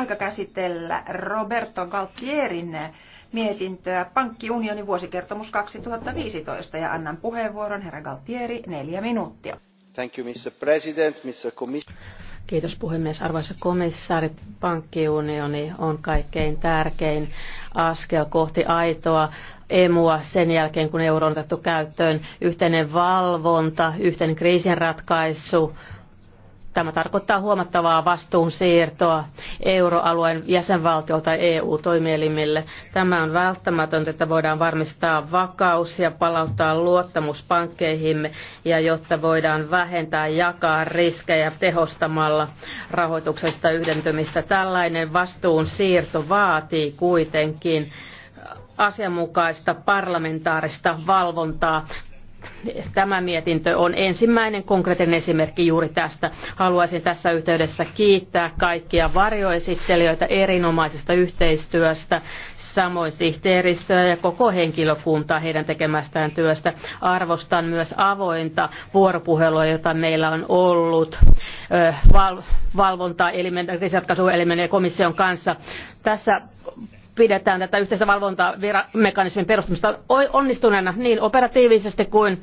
aika käsitellä Roberto Galtierin mietintöä Pankkiunionin vuosikertomus 2015 ja annan puheenvuoron herra Galtieri neljä minuuttia. Thank you, Mr. President, Mr. Kiitos puhemies. Arvoisa komissaari, pankkiunioni on kaikkein tärkein askel kohti aitoa emua sen jälkeen, kun euro on otettu käyttöön. Yhteinen valvonta, yhteinen ratkaisu, Tämä tarkoittaa huomattavaa vastuunsiirtoa euroalueen jäsenvaltiolta EU-toimielimille. Tämä on välttämätöntä, että voidaan varmistaa vakaus ja palauttaa luottamus pankkeihimme ja jotta voidaan vähentää jakaa riskejä tehostamalla rahoituksesta yhdentymistä. Tällainen vastuunsiirto vaatii kuitenkin asianmukaista parlamentaarista valvontaa Tämä mietintö on ensimmäinen konkreettinen esimerkki juuri tästä. Haluaisin tässä yhteydessä kiittää kaikkia varjoesittelijöitä erinomaisesta yhteistyöstä, samoin sihteeristöä ja koko henkilökuntaa heidän tekemästään työstä. Arvostan myös avointa vuoropuhelua, jota meillä on ollut val- valvontaelimen, ja komission kanssa. Tässä pidetään tätä yhteisen valvontamekanismin perustamista onnistuneena niin operatiivisesti kuin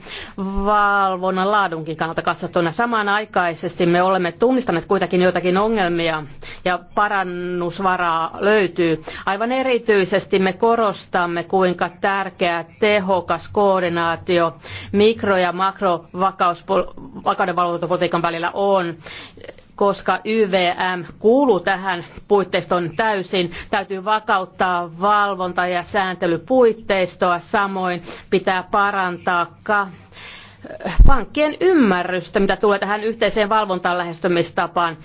valvonnan laadunkin kannalta katsottuna. Samanaikaisesti me olemme tunnistaneet kuitenkin joitakin ongelmia ja parannusvaraa löytyy. Aivan erityisesti me korostamme, kuinka tärkeä tehokas koordinaatio mikro- ja makrovakauden valvontapolitiikan välillä on koska YVM kuuluu tähän puitteiston täysin. Täytyy vakauttaa valvonta- ja sääntelypuitteistoa, samoin pitää parantaa pankkien ymmärrystä, mitä tulee tähän yhteiseen valvontaan lähestymistapaan.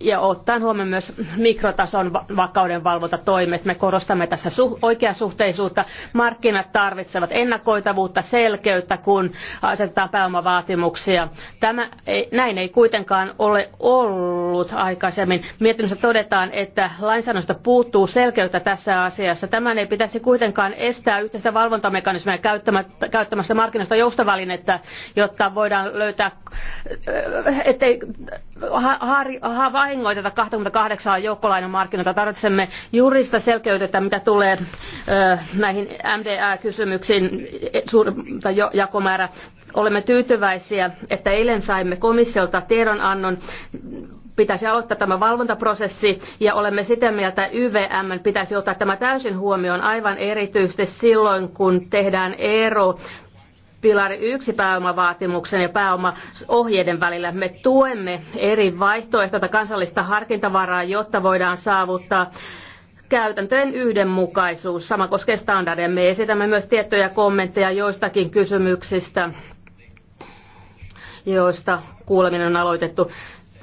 Ja ottaen huomioon myös mikrotason vakauden valvontatoimet, me korostamme tässä su- oikeasuhteisuutta. Markkinat tarvitsevat ennakoitavuutta, selkeyttä, kun asetetaan pääomavaatimuksia. Tämä ei, näin ei kuitenkaan ole ollut aikaisemmin. Mietinnössä todetaan, että lainsäädännöstä puuttuu selkeyttä tässä asiassa. Tämän ei pitäisi kuitenkaan estää yhteistä valvontamekanismia käyttämästä markkinoista joustavälineitä että jotta voidaan löytää, ettei ha, ha, vahingoiteta 28 joukkolainamarkkinoita. Tarvitsemme jurista selkeytettä, mitä tulee ö, näihin MDA-kysymyksiin, suurta jakomäärä. Olemme tyytyväisiä, että eilen saimme komissiolta tiedonannon pitäisi aloittaa tämä valvontaprosessi ja olemme sitä mieltä, että YVM pitäisi ottaa tämä täysin huomioon aivan erityisesti silloin, kun tehdään ero pilari yksi pääomavaatimuksen ja pääomaohjeiden välillä. Me tuemme eri vaihtoehtoja kansallista harkintavaraa, jotta voidaan saavuttaa käytäntöjen yhdenmukaisuus. Sama koskee standardeja. Me esitämme myös tiettyjä kommentteja joistakin kysymyksistä joista kuuleminen on aloitettu.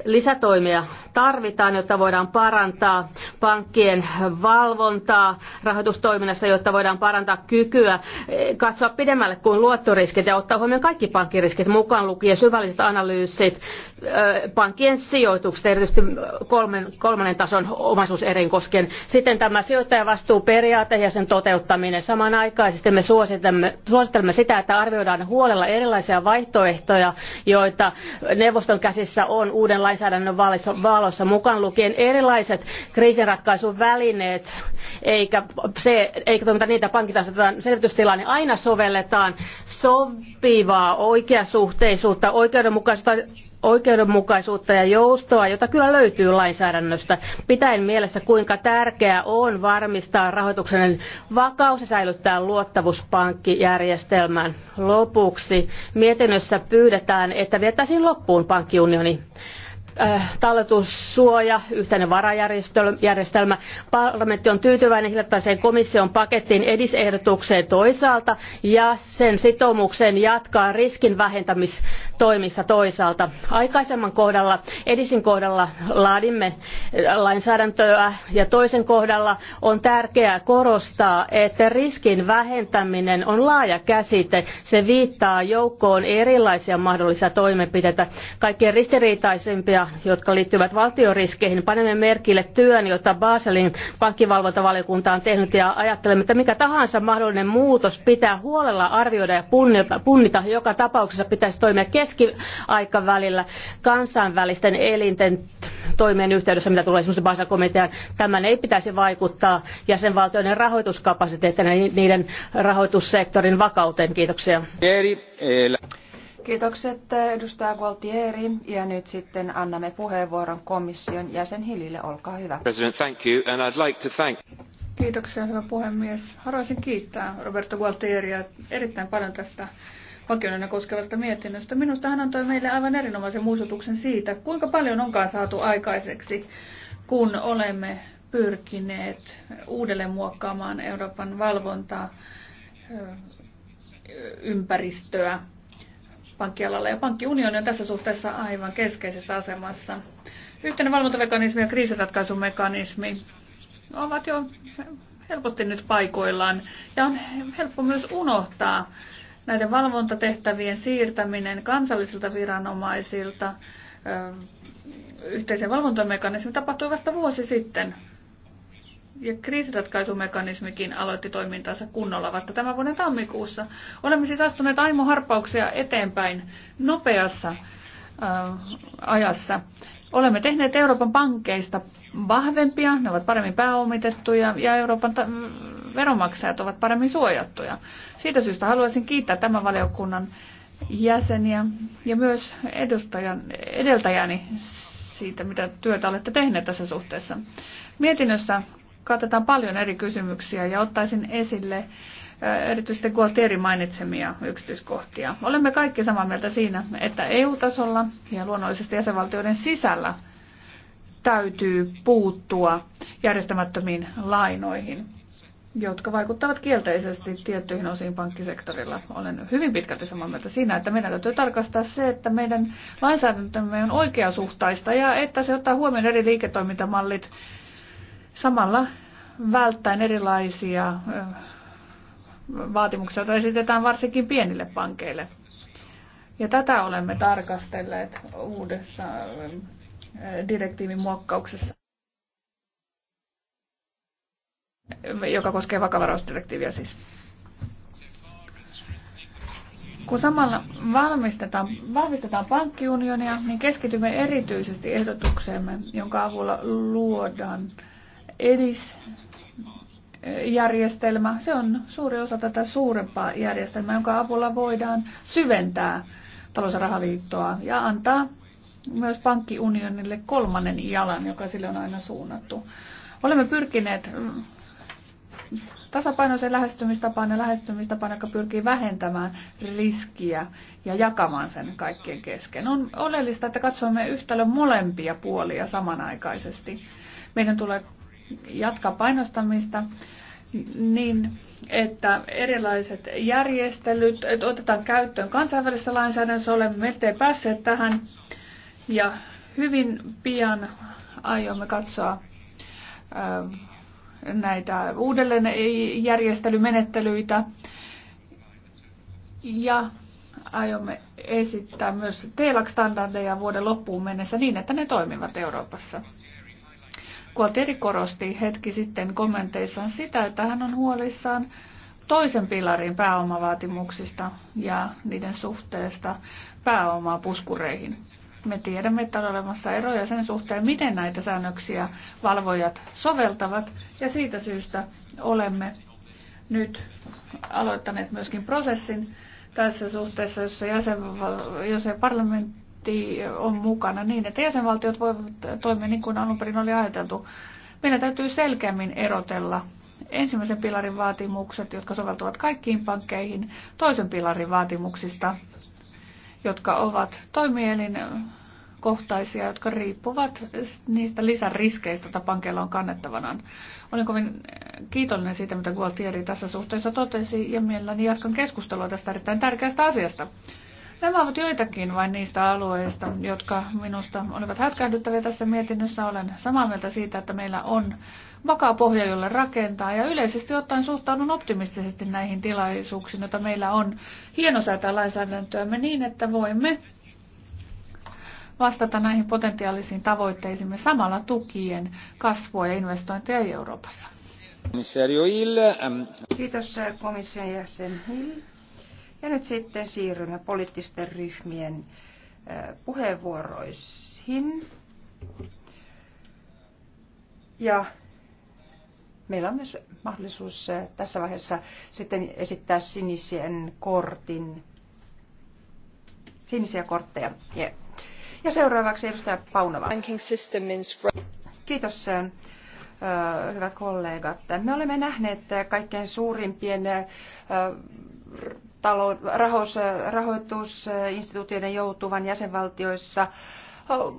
Lisätoimia tarvitaan, jotta voidaan parantaa pankkien valvontaa rahoitustoiminnassa, jotta voidaan parantaa kykyä eh, katsoa pidemmälle kuin luottoriskit ja ottaa huomioon kaikki pankkiriskit mukaan lukien syvälliset analyysit, eh, pankkien sijoitukset, erityisesti kolmen, kolmannen tason omaisuuserin koskien. Sitten tämä sijoittajavastuuperiaate ja sen toteuttaminen. Samanaikaisesti me suosittelemme, sitä, että arvioidaan huolella erilaisia vaihtoehtoja, joita neuvoston käsissä on uuden lainsäädännön valossa mukaan lukien erilaiset kriisinratkaisun välineet, eikä, se, eikä toimita niitä pankit selvitystilaa, niin Aina sovelletaan sopivaa oikeasuhteisuutta, oikeudenmukaisuutta oikeudenmukaisuutta ja joustoa, jota kyllä löytyy lainsäädännöstä, pitäen mielessä kuinka tärkeää on varmistaa rahoituksen vakaus ja säilyttää luottavuuspankkijärjestelmän Lopuksi mietinnössä pyydetään, että vietäisiin loppuun pankkiunioni. Äh, talletussuoja, yhteinen varajärjestelmä. Parlamentti on tyytyväinen hiljattaiseen komission pakettiin edisehdotukseen toisaalta ja sen sitoumukseen jatkaa riskin vähentämis toimissa toisaalta. Aikaisemman kohdalla, Edisin kohdalla laadimme äh, lainsäädäntöä ja toisen kohdalla on tärkeää korostaa, että riskin vähentäminen on laaja käsite. Se viittaa joukkoon erilaisia mahdollisia toimenpiteitä, kaikkein ristiriitaisimpia, jotka liittyvät valtioriskeihin. Panemme merkille työn, jota Baselin pankkivalvontavaliokunta on tehnyt ja ajattelemme, että mikä tahansa mahdollinen muutos pitää huolella arvioida ja punnita. Joka tapauksessa pitäisi toimia kestävästi keskiaikavälillä kansainvälisten elinten toimien yhteydessä, mitä tulee esimerkiksi Basel komitean, tämän ei pitäisi vaikuttaa jäsenvaltioiden rahoituskapasiteetin ja niiden rahoitussektorin vakauteen. Kiitoksia. Kiitokset eh, edustaja Gualtieri ja nyt sitten annamme puheenvuoron komission jäsen Hillille. Olkaa hyvä. President, thank you, and I'd like to thank... Kiitoksia, hyvä puhemies. Haluaisin kiittää Roberto Gualtieria erittäin paljon tästä vakiona koskevasta mietinnöstä. Minusta hän antoi meille aivan erinomaisen muistutuksen siitä, kuinka paljon onkaan saatu aikaiseksi, kun olemme pyrkineet uudelleen muokkaamaan Euroopan valvontaa ympäristöä pankkialalla. Ja pankkiunioni on tässä suhteessa aivan keskeisessä asemassa. Yhteinen valvontamekanismi ja kriisiratkaisumekanismi ovat jo helposti nyt paikoillaan ja on helppo myös unohtaa näiden valvontatehtävien siirtäminen kansallisilta viranomaisilta yhteisen valvontamekanismin tapahtui vasta vuosi sitten. Ja kriisiratkaisumekanismikin aloitti toimintansa kunnolla vasta tämän vuoden tammikuussa. Olemme siis astuneet aimoharppauksia eteenpäin nopeassa ajassa. Olemme tehneet Euroopan pankkeista vahvempia, ne ovat paremmin pääomitettuja ja Euroopan veronmaksajat ovat paremmin suojattuja. Siitä syystä haluaisin kiittää tämän valiokunnan jäseniä ja myös edustajan, edeltäjäni siitä, mitä työtä olette tehneet tässä suhteessa. Mietinnössä katsotaan paljon eri kysymyksiä ja ottaisin esille äh, erityisesti Gualtieri mainitsemia yksityiskohtia. Olemme kaikki samaa mieltä siinä, että EU-tasolla ja luonnollisesti jäsenvaltioiden sisällä täytyy puuttua järjestämättömiin lainoihin jotka vaikuttavat kielteisesti tiettyihin osiin pankkisektorilla. Olen hyvin pitkälti samaa mieltä siinä, että meidän täytyy tarkastaa se, että meidän lainsäädäntömme on oikeasuhtaista ja että se ottaa huomioon eri liiketoimintamallit samalla välttäen erilaisia vaatimuksia, joita esitetään varsinkin pienille pankeille. Ja tätä olemme tarkastelleet uudessa direktiivin muokkauksessa. joka koskee vakavarausdirektiiviä siis. Kun samalla valmistetaan, vahvistetaan pankkiunionia, niin keskitymme erityisesti ehdotukseemme, jonka avulla luodaan edis järjestelmä. Se on suuri osa tätä suurempaa järjestelmää, jonka avulla voidaan syventää talous- ja rahaliittoa ja antaa myös pankkiunionille kolmannen jalan, joka sille on aina suunnattu. Olemme pyrkineet tasapainoisen lähestymistapaan ja lähestymistapaan, joka pyrkii vähentämään riskiä ja jakamaan sen kaikkien kesken. On oleellista, että katsomme yhtälön molempia puolia samanaikaisesti. Meidän tulee jatkaa painostamista niin, että erilaiset järjestelyt että otetaan käyttöön kansainvälisessä lainsäädännössä. Olemme melkein päässeet tähän ja hyvin pian aiomme katsoa ähm, näitä uudelleenjärjestelymenettelyitä. Ja aiomme esittää myös TELAC-standardeja vuoden loppuun mennessä niin, että ne toimivat Euroopassa. Kualteri korosti hetki sitten kommenteissaan sitä, että hän on huolissaan toisen pilarin pääomavaatimuksista ja niiden suhteesta pääomaa puskureihin. Me tiedämme, että on olemassa eroja sen suhteen, miten näitä säännöksiä valvojat soveltavat, ja siitä syystä olemme nyt aloittaneet myöskin prosessin tässä suhteessa, jossa, jäsenval- jos parlamentti on mukana niin, että jäsenvaltiot voivat toimia niin kuin alun perin oli ajateltu. Meidän täytyy selkeämmin erotella ensimmäisen pilarin vaatimukset, jotka soveltuvat kaikkiin pankkeihin, toisen pilarin vaatimuksista, jotka ovat toimielin kohtaisia, jotka riippuvat niistä lisäriskeistä, joita pankeilla on kannettavanaan. Olen kovin kiitollinen siitä, mitä Gualtieri tässä suhteessa totesi, ja mielelläni jatkan keskustelua tästä erittäin tärkeästä asiasta. Nämä ovat joitakin vain niistä alueista, jotka minusta olivat hätkähdyttäviä tässä mietinnössä. Olen samaa mieltä siitä, että meillä on vakaa pohja, jolle rakentaa. Ja yleisesti ottaen suhtaudun optimistisesti näihin tilaisuuksiin, joita meillä on hieno säätää lainsäädäntöämme niin, että voimme vastata näihin potentiaalisiin tavoitteisiimme samalla tukien kasvua ja investointeja Euroopassa. Ähm. Kiitos äh, komission jäsen Hill. Ja nyt sitten siirrymme poliittisten ryhmien äh, puheenvuoroihin. Ja meillä on myös mahdollisuus eh, tässä vaiheessa sitten esittää sinisen kortin, sinisiä kortteja. Yeah. Ja seuraavaksi edustaja Paunova. Kiitos eh, eh, hyvät kollegat. Me olemme nähneet kaikkein suurimpien rahoitusinstituutioiden joutuvan jäsenvaltioissa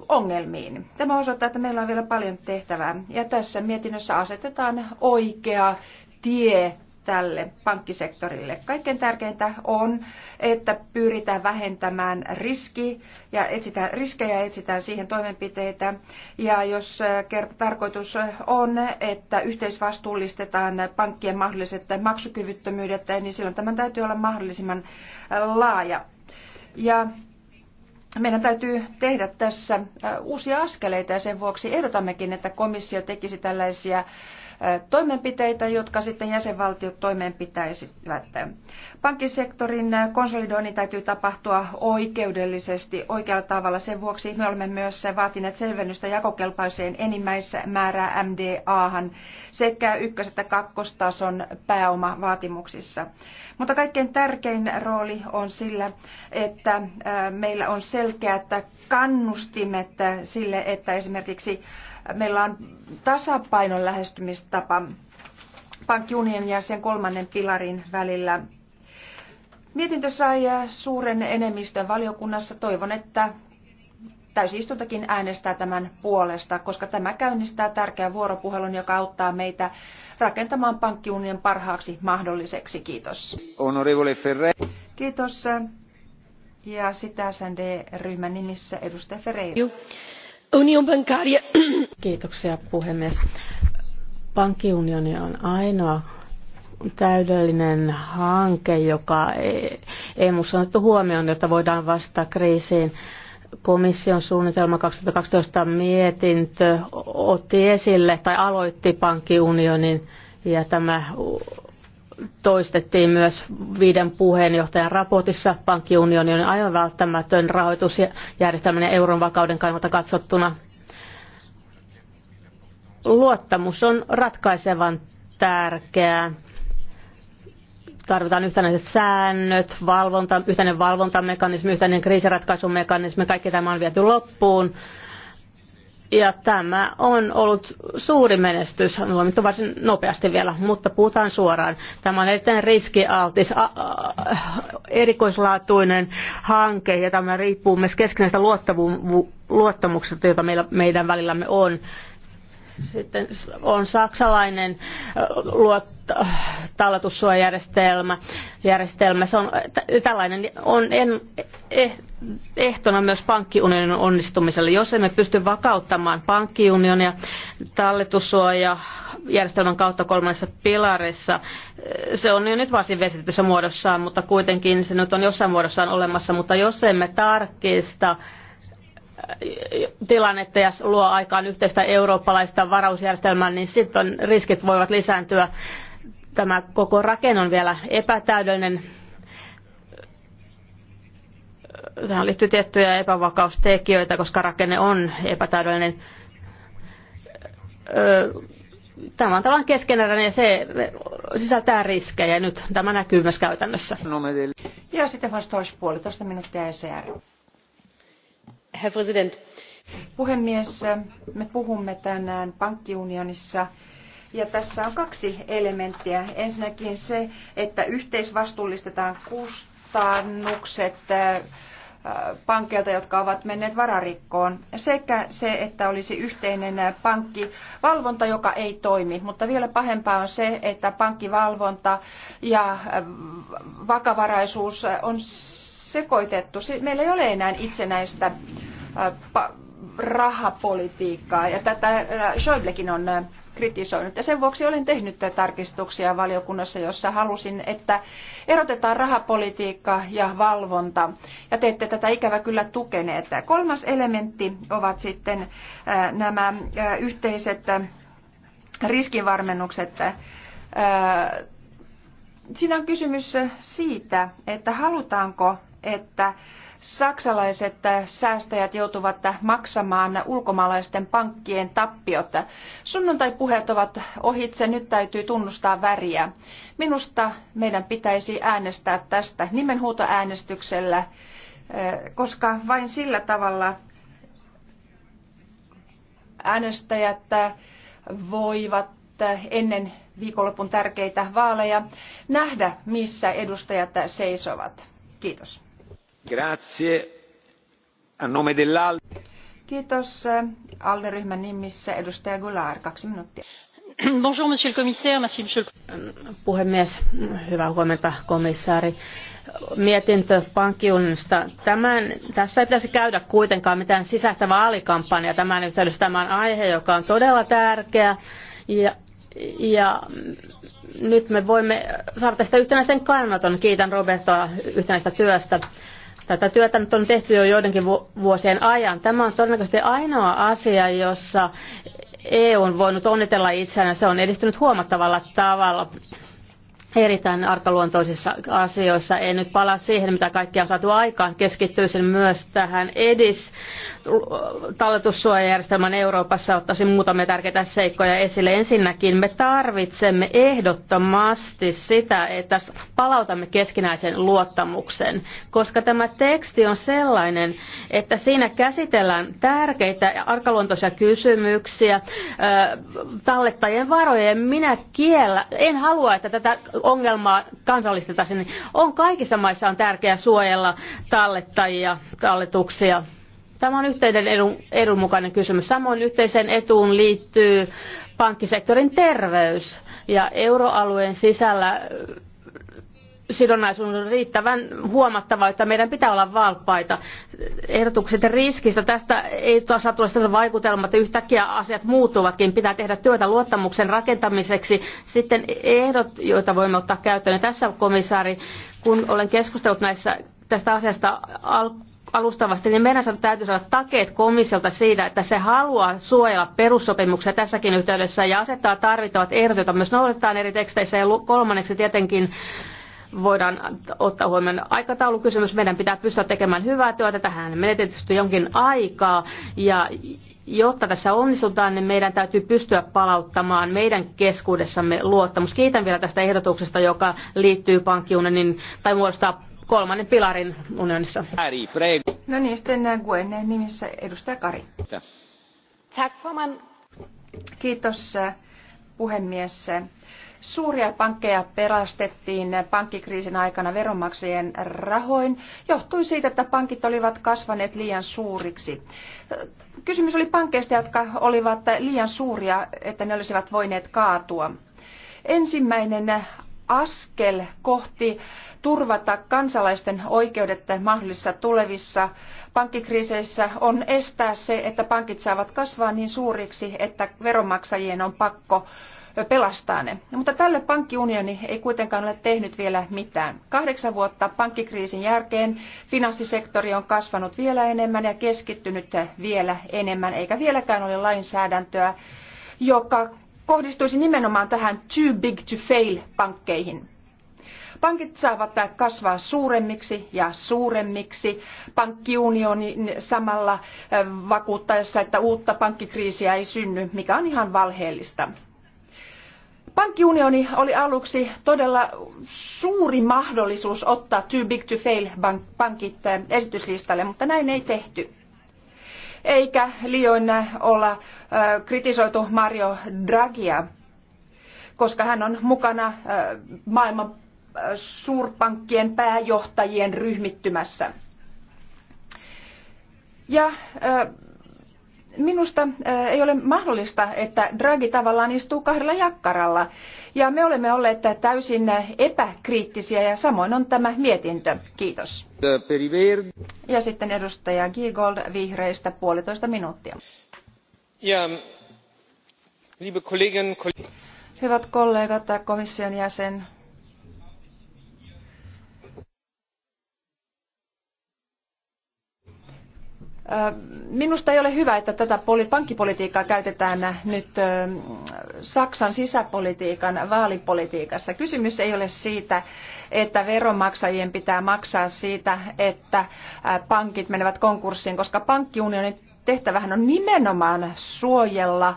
ongelmiin. Tämä osoittaa, että meillä on vielä paljon tehtävää ja tässä mietinnössä asetetaan oikea tie tälle pankkisektorille. Kaikkein tärkeintä on, että pyritään vähentämään riski ja etsitään, riskejä ja etsitään siihen toimenpiteitä. Ja jos äh, tarkoitus on, että yhteisvastuullistetaan pankkien mahdolliset maksukyvyttömyydet, niin silloin tämän täytyy olla mahdollisimman äh, laaja. Ja meidän täytyy tehdä tässä uusia askeleita ja sen vuoksi ehdotammekin, että komissio tekisi tällaisia toimenpiteitä, jotka sitten jäsenvaltiot toimenpitäisivät. Pankkisektorin konsolidoinnin täytyy tapahtua oikeudellisesti oikealla tavalla. Sen vuoksi me olemme myös vaatineet selvennystä jakokelpaiseen enimmäismäärää MDAhan sekä ykkös- että kakkostason pääomavaatimuksissa. Mutta kaikkein tärkein rooli on sillä, että meillä on selkeät kannustimet sille, että esimerkiksi Meillä on tasapainon lähestymistapa pankkiunion ja sen kolmannen pilarin välillä. Mietintö sai suuren enemmistön valiokunnassa. Toivon, että täysistuntakin äänestää tämän puolesta, koska tämä käynnistää tärkeän vuoropuhelun, joka auttaa meitä rakentamaan pankkiunion parhaaksi mahdolliseksi. Kiitos. Kiitos. Ja sitä SND-ryhmän nimissä edustaja Ferreira arvoisa puhemies. Pankkiunioni on ainoa täydellinen hanke, joka ei, ei muussa annettu huomioon, jotta voidaan vastata kriisiin. Komission suunnitelma 2012 mietintö otti esille tai aloitti pankkiunionin ja tämä toistettiin myös viiden puheenjohtajan raportissa. Pankkiunioni on aivan välttämätön rahoitusjärjestelmän ja euron vakauden kannalta katsottuna. Luottamus on ratkaisevan tärkeää. Tarvitaan yhtenäiset säännöt, valvonta, yhtenäinen valvontamekanismi, yhtenäinen kriisiratkaisumekanismi. Kaikki tämä on viety loppuun ja tämä on ollut suuri menestys, on toimittu varsin nopeasti vielä, mutta puhutaan suoraan. Tämä on erittäin riskialtis, a, a, erikoislaatuinen hanke ja tämä riippuu myös keskinäistä luottamuksesta, jota meillä, meidän välillämme on. Sitten on saksalainen luotta, talletussuojajärjestelmä. Järjestelmä. Se on, tällainen on en, eh, ehtona myös pankkiunionin onnistumiselle. Jos emme pysty vakauttamaan pankkiunionia talletussuoja järjestelmän kautta kolmannessa pilarissa, se on jo nyt varsin vesitetyssä muodossaan, mutta kuitenkin se nyt on jossain muodossaan olemassa, mutta jos emme tarkista tilannetta ja luo aikaan yhteistä eurooppalaista varausjärjestelmää, niin sitten riskit voivat lisääntyä. Tämä koko rakenne on vielä epätäydellinen tähän liittyy tiettyjä epävakaustekijöitä, koska rakenne on epätäydellinen. Tämä on tällainen keskeneräinen ja se sisältää riskejä. Nyt tämä näkyy myös käytännössä. Ja sitten vastaus puolitoista minuuttia ECR. Herr President. Puhemies, me puhumme tänään pankkiunionissa ja tässä on kaksi elementtiä. Ensinnäkin se, että yhteisvastuullistetaan kustannukset pankkeilta, jotka ovat menneet vararikkoon, sekä se, että olisi yhteinen pankkivalvonta, joka ei toimi. Mutta vielä pahempaa on se, että pankkivalvonta ja vakavaraisuus on sekoitettu. Meillä ei ole enää itsenäistä äh, rahapolitiikkaa, ja tätä äh, Schäublekin on äh, kritisoinut. Ja sen vuoksi olen tehnyt tarkistuksia valiokunnassa, jossa halusin, että erotetaan rahapolitiikka ja valvonta. Ja te ette tätä ikävä kyllä tukeneet. Kolmas elementti ovat sitten äh, nämä äh, yhteiset äh, riskinvarmennukset. Siinä on kysymys siitä, että halutaanko, että saksalaiset äh, säästäjät joutuvat äh, maksamaan ulkomaalaisten pankkien tappiot. Sunnuntai-puheet ovat ohitse, nyt täytyy tunnustaa väriä. Minusta meidän pitäisi äänestää tästä nimenhuutoäänestyksellä, äh, koska vain sillä tavalla äänestäjät voivat ennen viikonlopun tärkeitä vaaleja nähdä, missä edustajat seisovat. Kiitos. Kiitos. Eh, nimissä Bonjour, monsieur le commissaire. monsieur le... Puhemies, hyvää huomenta, komissaari mietintö pankkiunionista. Tämän, tässä ei pitäisi käydä kuitenkaan mitään sisäistä vaalikampanjaa tämän yhteydessä. Tämä on aihe, joka on todella tärkeä ja, ja nyt me voimme saada tästä yhtenäisen kannanoton. Kiitän Robertoa yhtenäistä työstä. Tätä työtä nyt on tehty jo joidenkin vuosien ajan. Tämä on todennäköisesti ainoa asia, jossa EU on voinut onnitella itseään. Se on edistynyt huomattavalla tavalla erittäin arkaluontoisissa asioissa. En nyt palaa siihen, mitä kaikkea on saatu aikaan. Keskittyisin myös tähän EDIS talletussuojajärjestelmän Euroopassa. Ottaisin muutamia tärkeitä seikkoja esille. Ensinnäkin me tarvitsemme ehdottomasti sitä, että palautamme keskinäisen luottamuksen, koska tämä teksti on sellainen, että siinä käsitellään tärkeitä arkaluontoisia kysymyksiä tallettajien varojen. Minä kiellä, en halua, että tätä ongelmaa kansallisteta niin On kaikissa maissa on tärkeää suojella tallettajia, talletuksia. Tämä on yhteinen edun, edun mukainen kysymys. Samoin yhteiseen etuun liittyy pankkisektorin terveys ja euroalueen sisällä sidonnaisuus on riittävän huomattava, että meidän pitää olla valppaita. Ehdotukset riskistä, tästä ei saa tulla sitä vaikutelmaa, että yhtäkkiä asiat muuttuvatkin. Pitää tehdä työtä luottamuksen rakentamiseksi. Sitten ehdot, joita voimme ottaa käyttöön. Ja tässä komissaari, kun olen keskustellut näissä, tästä asiasta al- alustavasti, niin meidän täytyy saada takeet komissiolta siitä, että se haluaa suojella perussopimuksia tässäkin yhteydessä ja asettaa tarvittavat ehdot, joita myös noudatetaan eri teksteissä. Ja kolmanneksi tietenkin voidaan ottaa huomioon aikataulukysymys. Meidän pitää pystyä tekemään hyvää työtä. Tähän menee tietysti jonkin aikaa ja jotta tässä onnistutaan, niin meidän täytyy pystyä palauttamaan meidän keskuudessamme luottamus. Kiitän vielä tästä ehdotuksesta, joka liittyy pankkiunionin tai muodostaa kolmannen pilarin unionissa. No niin, sitten Gwen nimissä edustaja Kari. Tack Kiitos eh, puhemies. Suuria pankkeja perastettiin pankkikriisin aikana veronmaksajien rahoin. Johtui siitä, että pankit olivat kasvaneet liian suuriksi. Kysymys oli pankkeista, jotka olivat liian suuria, että ne olisivat voineet kaatua. Ensimmäinen askel kohti turvata kansalaisten oikeudet mahdollisissa tulevissa pankkikriiseissä on estää se, että pankit saavat kasvaa niin suuriksi, että veronmaksajien on pakko pelastaa ne. No, mutta tälle pankkiunioni ei kuitenkaan ole tehnyt vielä mitään. Kahdeksan vuotta pankkikriisin jälkeen finanssisektori on kasvanut vielä enemmän ja keskittynyt vielä enemmän, eikä vieläkään ole lainsäädäntöä, joka kohdistuisi nimenomaan tähän too big to fail pankkeihin. Pankit saavat kasvaa suuremmiksi ja suuremmiksi. Pankkiunioni samalla vakuuttaessa, että uutta pankkikriisiä ei synny, mikä on ihan valheellista. Pankkiunioni oli aluksi todella suuri mahdollisuus ottaa too big to fail pankit eh, esityslistalle, mutta näin ei tehty. Eikä liioin eh, olla eh, kritisoitu Mario Draghia, koska hän on mukana maailman suurpankkien pääjohtajien ryhmittymässä. Ja Minusta eh, ei ole mahdollista, että Draghi tavallaan istuu kahdella jakkaralla. Ja me olemme olleet täysin epäkriittisiä ja samoin on tämä mietintö. Kiitos. Ja sitten edustaja Giegold vihreistä puolitoista minuuttia. Ja, liebe Kolleginnen, Hyvät kollegat ja komission jäsen, Minusta ei ole hyvä, että tätä pankkipolitiikkaa käytetään nyt Saksan sisäpolitiikan vaalipolitiikassa. Kysymys ei ole siitä, että veronmaksajien pitää maksaa siitä, että pankit menevät konkurssiin, koska pankkiunionin tehtävähän on nimenomaan suojella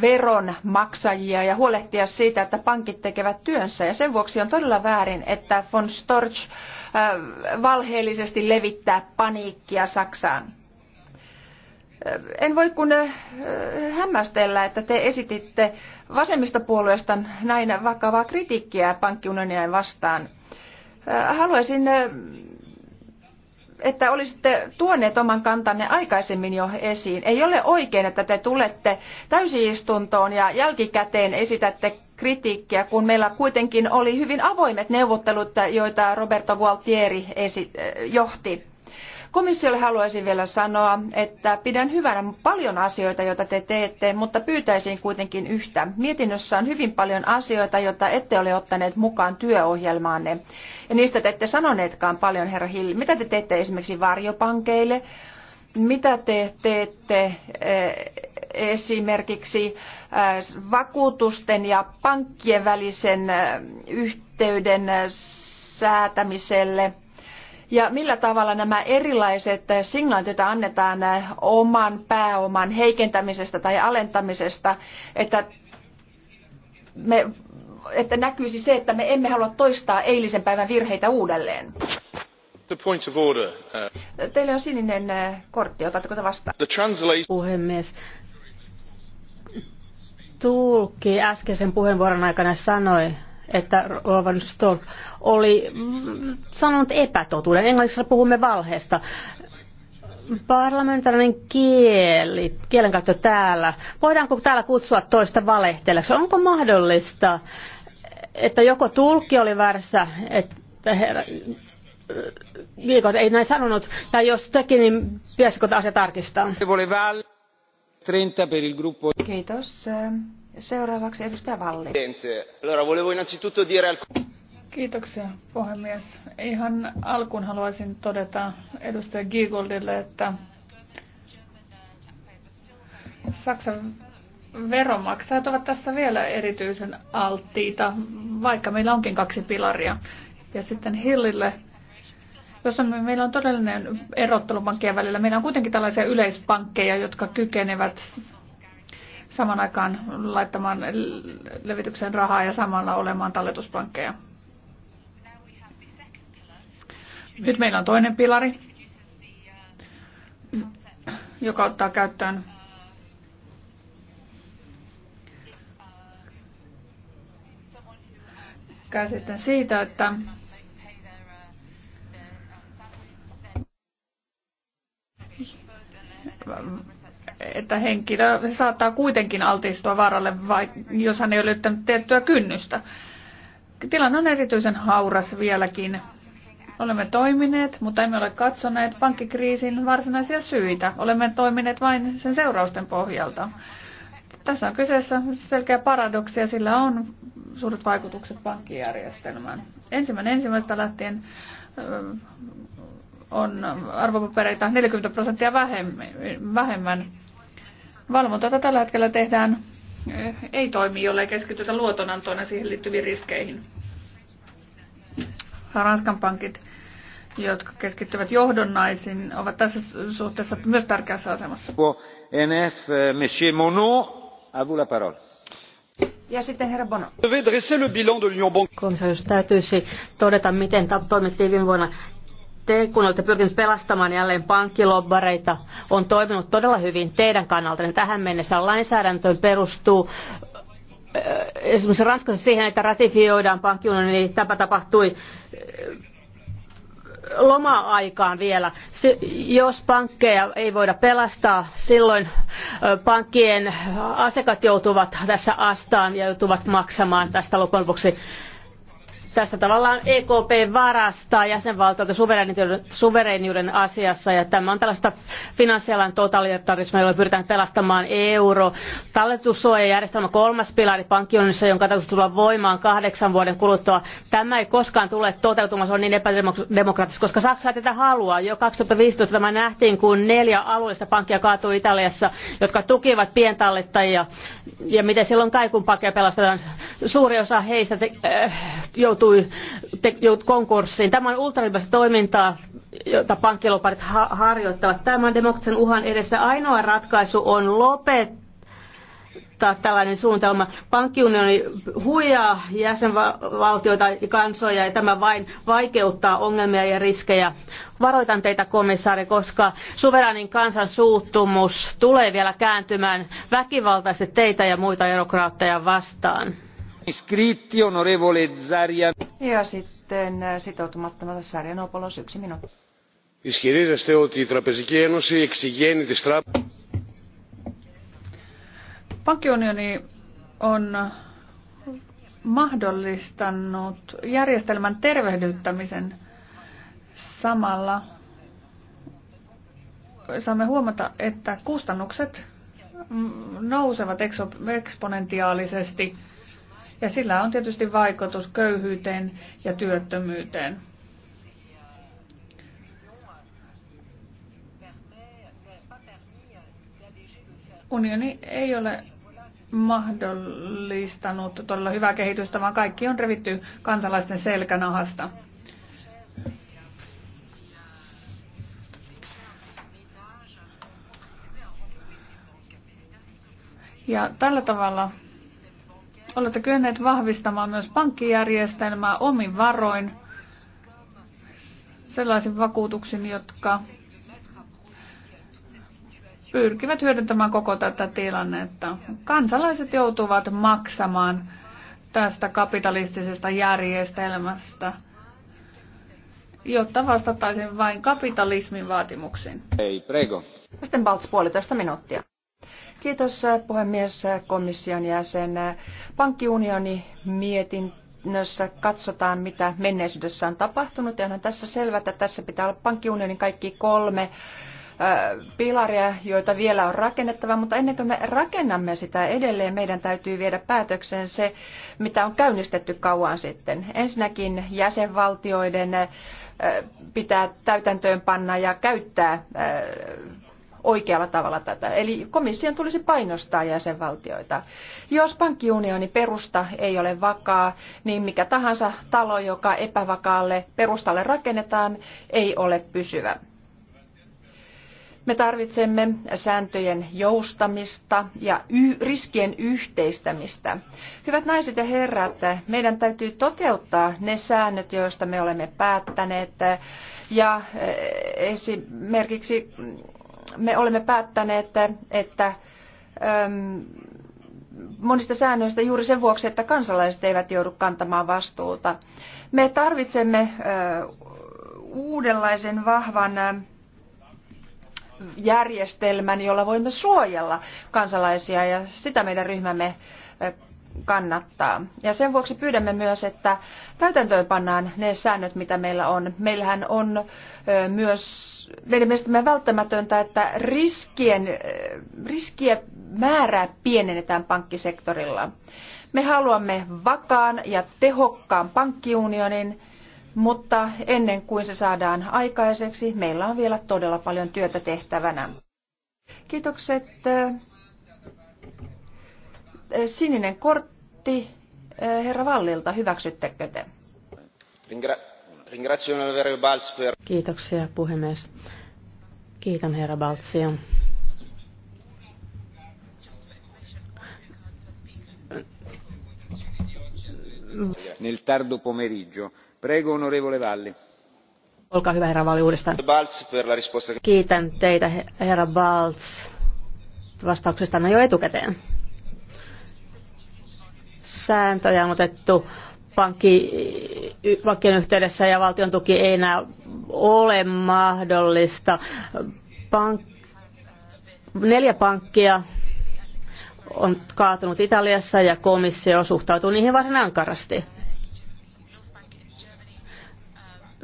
veronmaksajia ja huolehtia siitä, että pankit tekevät työnsä. Ja sen vuoksi on todella väärin, että von Storch Äh, valheellisesti levittää paniikkia Saksaan. Äh, en voi kun äh, hämmästellä, että te esititte vasemmistopuolueesta näin vakavaa kritiikkiä pankkiunionia vastaan. Haluaisin, että olisitte tuoneet oman kantanne aikaisemmin jo esiin. Ei ole oikein, että te tulette täysiistuntoon ja jälkikäteen esitätte kritiikkiä, kun meillä kuitenkin oli hyvin avoimet neuvottelut, joita Roberto Gualtieri johti. Komissiolle haluaisin vielä sanoa, että pidän hyvänä paljon asioita, joita te teette, mutta pyytäisin kuitenkin yhtä. Mietinnössä on hyvin paljon asioita, joita ette ole ottaneet mukaan työohjelmaanne. Ja niistä te ette sanoneetkaan paljon, herra Hill. Mitä te teette esimerkiksi varjopankeille? Mitä te teette eh, esimerkiksi äh, vakuutusten ja pankkien välisen äh, yhteyden äh, säätämiselle ja millä tavalla nämä erilaiset signaalit, joita annetaan oman pääoman heikentämisestä tai alentamisesta, että me että näkyisi se, että me emme halua toistaa eilisen päivän virheitä uudelleen. Uh, Teille on sininen kortti, otatteko te vastaan? Puhemies, Tulkki äskeisen puheenvuoron aikana sanoi, että Rovan Storm oli mm, sanonut epätotuuden. Englannissa puhumme valheesta. Parlamentaarinen kieli, kielenkäyttö täällä. Voidaanko täällä kutsua toista valehtelijaksi? Onko mahdollista, että joko tulkki oli väärässä, että herra, äh, viikot ei näin sanonut, tai jos teki, niin pitäisikö asia tarkistaa? Kiitos. edustaja Valli. Kiitoksia puhemies. Ihan alkuun haluaisin todeta edustaja Giegoldille, että Saksan veronmaksajat ovat tässä vielä erityisen alttiita, vaikka meillä onkin kaksi pilaria. Ja sitten Hillille jossa meillä on todellinen erottelu pankkien välillä. Meillä on kuitenkin tällaisia yleispankkeja, jotka kykenevät saman aikaan laittamaan levityksen rahaa ja samalla olemaan talletuspankkeja. Nyt meillä on toinen pilari, joka ottaa käyttöön käsitteen siitä, että että henkilö saattaa kuitenkin altistua vaaralle, vai, jos hän ei ole ylittänyt tiettyä kynnystä. Tilanne on erityisen hauras vieläkin. Olemme toimineet, mutta emme ole katsoneet pankkikriisin varsinaisia syitä. Olemme toimineet vain sen seurausten pohjalta. Tässä on kyseessä selkeä paradoksi ja sillä on suuret vaikutukset pankkijärjestelmään. Ensimmäinen ensimmäistä lähtien on arvopapereita 40 prosenttia vähemmän. Valvonta, jota tällä hetkellä tehdään, ei toimi, jollei keskitytä luotonantoon ja siihen liittyviin riskeihin. Ranskan pankit, jotka keskittyvät johdonnaisiin, ovat tässä suhteessa myös tärkeässä asemassa. NF, Monsieur Monod, à vous la parole. Ja sitten herra Bono. Komissaarius täytyisi todeta, miten toimittiin viime vuonna te, kun olette pyrkineet pelastamaan jälleen pankkilobbareita, on toiminut todella hyvin teidän kannalta. Niin tähän mennessä lainsäädäntöön perustuu eh, esimerkiksi Ranskassa siihen, että ratifioidaan pankkiunioni, niin tämä tapahtui eh, loma-aikaan vielä. jos pankkeja ei voida pelastaa, silloin eh, pankkien asiakat joutuvat tässä astaan ja joutuvat maksamaan tästä loppujen lopuksi tässä tavallaan EKP varastaa jäsenvaltioita suvereniuden asiassa ja tämä on tällaista finanssialan totalitarismia, jolla pyritään pelastamaan euro. Talletussuojajärjestelmä kolmas pilari pankkiunionissa, jonka täytyy tulla voimaan kahdeksan vuoden kuluttua. Tämä ei koskaan tule toteutumaan, se on niin epädemokraattista, koska Saksa ei tätä halua. Jo 2015 tämä nähtiin, kun neljä alueellista pankkia kaatui Italiassa, jotka tukivat pientallettajia. Ja miten silloin kaikun pakeja pelastetaan. Suuri osa heistä te, äh, joutuu joutui konkurssiin. Tämä on ultraliberalista toimintaa, jota pankkiloparit ha- harjoittavat. Tämän demokratian uhan edessä ainoa ratkaisu on lopettaa tällainen suunnitelma. Pankkiunioni huijaa jäsenvaltioita ja kansoja ja tämä vain vaikeuttaa ongelmia ja riskejä. Varoitan teitä komissaari, koska suveraanin kansan suuttumus tulee vielä kääntymään väkivaltaisesti teitä ja muita eurokraatteja vastaan. Iscritti, onorevole Zaria. Ja sitten äh, sitoutumattomalta Sarjanopoulos yksi minuutti. Ισχυρίζεστε ότι η Τραπεζική Ένωση εξηγαίνει τις τράπεζες. Pankkiunioni on mahdollistanut järjestelmän tervehdyttämisen samalla. Saamme huomata, että kustannukset nousevat eksponentiaalisesti ja sillä on tietysti vaikutus köyhyyteen ja työttömyyteen. Unioni ei ole mahdollistanut todella hyvää kehitystä, vaan kaikki on revitty kansalaisten selkänahasta. Ja tällä tavalla Olette kyenneet vahvistamaan myös pankkijärjestelmää omin varoin sellaisin vakuutuksin, jotka pyrkivät hyödyntämään koko tätä tilannetta. Kansalaiset joutuvat maksamaan tästä kapitalistisesta järjestelmästä, jotta vastattaisiin vain kapitalismin vaatimuksiin. Ei, prego. Sitten Baltz puolitoista minuuttia. Kiitos puhemies komission jäsen. Pankkiunioni mietinnössä katsotaan, mitä menneisyydessä on tapahtunut. Ja onhan tässä selvää, että tässä pitää olla pankkiunionin kaikki kolme pilaria, joita vielä on rakennettava, mutta ennen kuin me rakennamme sitä edelleen, meidän täytyy viedä päätökseen se, mitä on käynnistetty kauan sitten. Ensinnäkin jäsenvaltioiden pitää täytäntöönpanna ja käyttää oikealla tavalla tätä. Eli komission tulisi painostaa jäsenvaltioita. Jos pankkiunioni perusta ei ole vakaa, niin mikä tahansa talo, joka epävakaalle perustalle rakennetaan, ei ole pysyvä. Me tarvitsemme sääntöjen joustamista ja riskien yhteistämistä. Hyvät naiset ja herrat, meidän täytyy toteuttaa ne säännöt, joista me olemme päättäneet. Ja eh, esimerkiksi me olemme päättäneet, että ähm, monista säännöistä juuri sen vuoksi, että kansalaiset eivät joudu kantamaan vastuuta. Me tarvitsemme äh, uudenlaisen vahvan äh, järjestelmän, jolla voimme suojella kansalaisia ja sitä meidän ryhmämme äh, kannattaa. Ja sen vuoksi pyydämme myös, että täytäntöön pannaan ne säännöt, mitä meillä on. Meillähän on myös meidän mielestämme välttämätöntä, että riskien, riskien määrää pienennetään pankkisektorilla. Me haluamme vakaan ja tehokkaan pankkiunionin, mutta ennen kuin se saadaan aikaiseksi, meillä on vielä todella paljon työtä tehtävänä. Kiitokset sininen kortti herra Vallilta, hyväksyttekö te? Kiitoksia puhemies. Kiitän herra Baltsia. nel tardo pomeriggio. Prego onorevole Valli. Olkaa hyvä herra Valli uudestaan. Kiitän teitä herra Balts vastauksestanne jo etukäteen sääntöjä on otettu pankki, pankkien yhteydessä ja valtion tuki ei enää ole mahdollista. Pank, neljä pankkia on kaatunut Italiassa ja komissio suhtautuu niihin varsin ankarasti.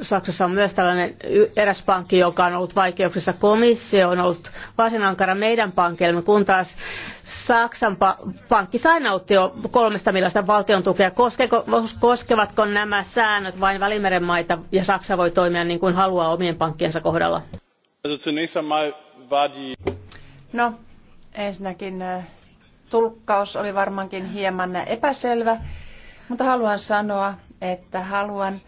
Saksassa on myös tällainen eräs pankki, joka on ollut vaikeuksissa. Komissio on ollut varsin ankara meidän pankeillemme, kun taas Saksan pankki sai nauttia kolmesta miljardista valtion tukea. koskevatko nämä säännöt vain Välimeren maita ja Saksa voi toimia niin kuin haluaa omien pankkiensa kohdalla? No, ensinnäkin äh, tulkkaus oli varmaankin hieman epäselvä, mutta haluan sanoa, että haluan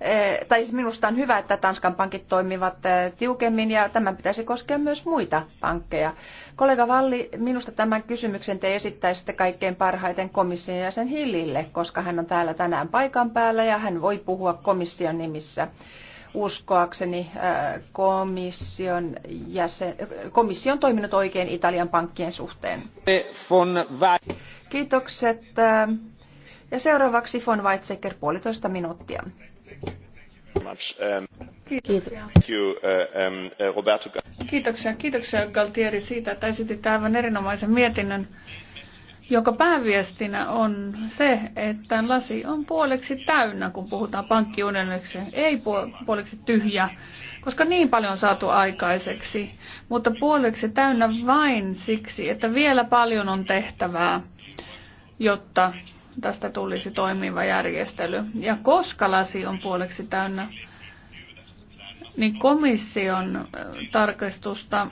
Eh, tai siis minusta on hyvä, että Tanskan pankit toimivat eh, tiukemmin ja tämän pitäisi koskea myös muita pankkeja. Kollega Valli, minusta tämän kysymyksen te esittäisitte kaikkein parhaiten komission jäsen Hillille, koska hän on täällä tänään paikan päällä ja hän voi puhua komission nimissä uskoakseni eh, komission, jäsen, komission toiminut oikein Italian pankkien suhteen. Kiitokset. Ja seuraavaksi von Weizsäcker puolitoista minuuttia. Um, kiitoksia. Uh, um, uh, kiitoksia, kiitoksia Galtieri siitä, että esitit aivan erinomaisen mietinnön, joka pääviestinä on se, että lasi on puoleksi täynnä, kun puhutaan pankkiunioniksi, ei puoleksi tyhjä, koska niin paljon on saatu aikaiseksi, mutta puoleksi täynnä vain siksi, että vielä paljon on tehtävää, jotta tästä tulisi toimiva järjestely. Ja koska lasi on puoleksi täynnä, niin komission tarkastusta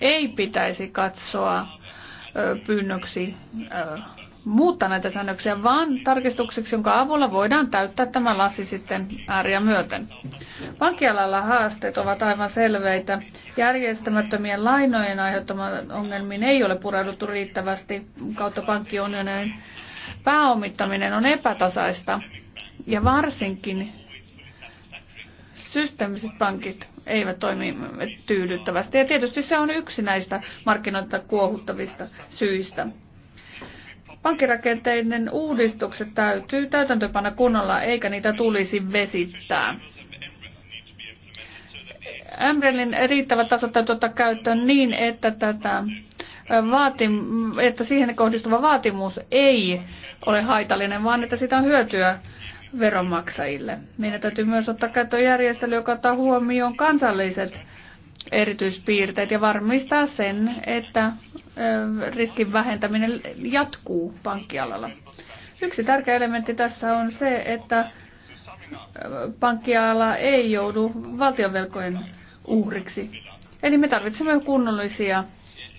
ei pitäisi katsoa pyynnöksi muuttaa näitä säännöksiä, vaan tarkistukseksi, jonka avulla voidaan täyttää tämä lasi sitten ääriä myöten. Pankialalla haasteet ovat aivan selveitä. Järjestämättömien lainojen aiheuttamaan ongelmiin ei ole pureuduttu riittävästi kautta pankkiunionin pääomittaminen on epätasaista ja varsinkin systeemiset pankit eivät toimi tyydyttävästi. Ja tietysti se on yksi näistä markkinoita kuohuttavista syistä. Pankkirakenteiden uudistukset täytyy täytäntöpana kunnolla, eikä niitä tulisi vesittää. Emrelin riittävät tasot täytyy ottaa käyttöön niin, että tätä vaati, että siihen kohdistuva vaatimus ei ole haitallinen, vaan että sitä on hyötyä veronmaksajille. Meidän täytyy myös ottaa käyttöön järjestely, joka ottaa huomioon kansalliset erityispiirteet ja varmistaa sen, että riskin vähentäminen jatkuu pankkialalla. Yksi tärkeä elementti tässä on se, että pankkiala ei joudu valtionvelkojen uhriksi. Eli me tarvitsemme kunnollisia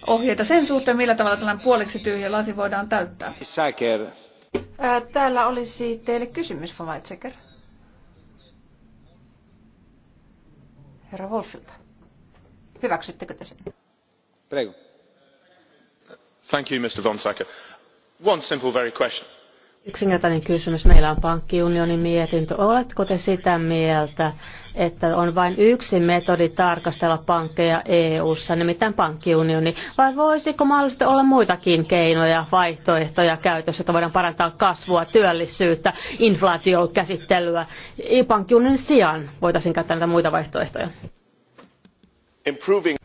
ohjeita sen suhteen, millä tavalla tällainen puoliksi tyhjä lasi voidaan täyttää. Säker. Ää, täällä olisi teille kysymys, Vavaitseker. Herra Wolfilta. Hyväksyttekö te sen? Prego. Thank you, Mr. Von Sacker. One simple very question Yksinkertainen kysymys. Meillä on pankkiunionin mietintö. Oletko te sitä mieltä, että on vain yksi metodi tarkastella pankkeja EU-ssa, nimittäin pankkiunioni, vai voisiko mahdollisesti olla muitakin keinoja, vaihtoehtoja käytössä, että voidaan parantaa kasvua, työllisyyttä, inflaatiokäsittelyä pankkiunionin sijaan? Voitaisiin käyttää näitä muita vaihtoehtoja. Improving.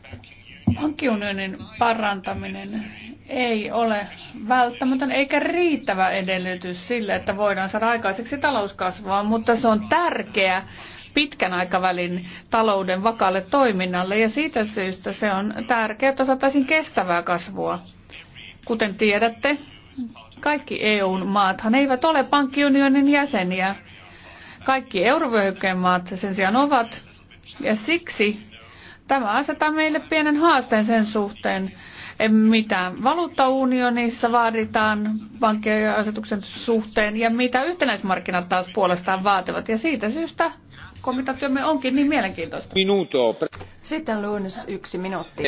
Pankkiunionin parantaminen ei ole välttämätön eikä riittävä edellytys sille, että voidaan saada aikaiseksi talouskasvua, mutta se on tärkeä pitkän aikavälin talouden vakaalle toiminnalle ja siitä syystä se on tärkeää, että saataisiin kestävää kasvua. Kuten tiedätte, kaikki eu maathan eivät ole pankkiunionin jäseniä. Kaikki eurovyöhykkeen maat sen sijaan ovat ja siksi tämä asettaa meille pienen haasteen sen suhteen, mitä valuuttaunionissa vaaditaan pankkien asetuksen suhteen ja mitä yhtenäismarkkinat taas puolestaan vaativat. Ja siitä syystä komitatyömme onkin niin mielenkiintoista. Minuto. Sitten luonnos yksi minuutti.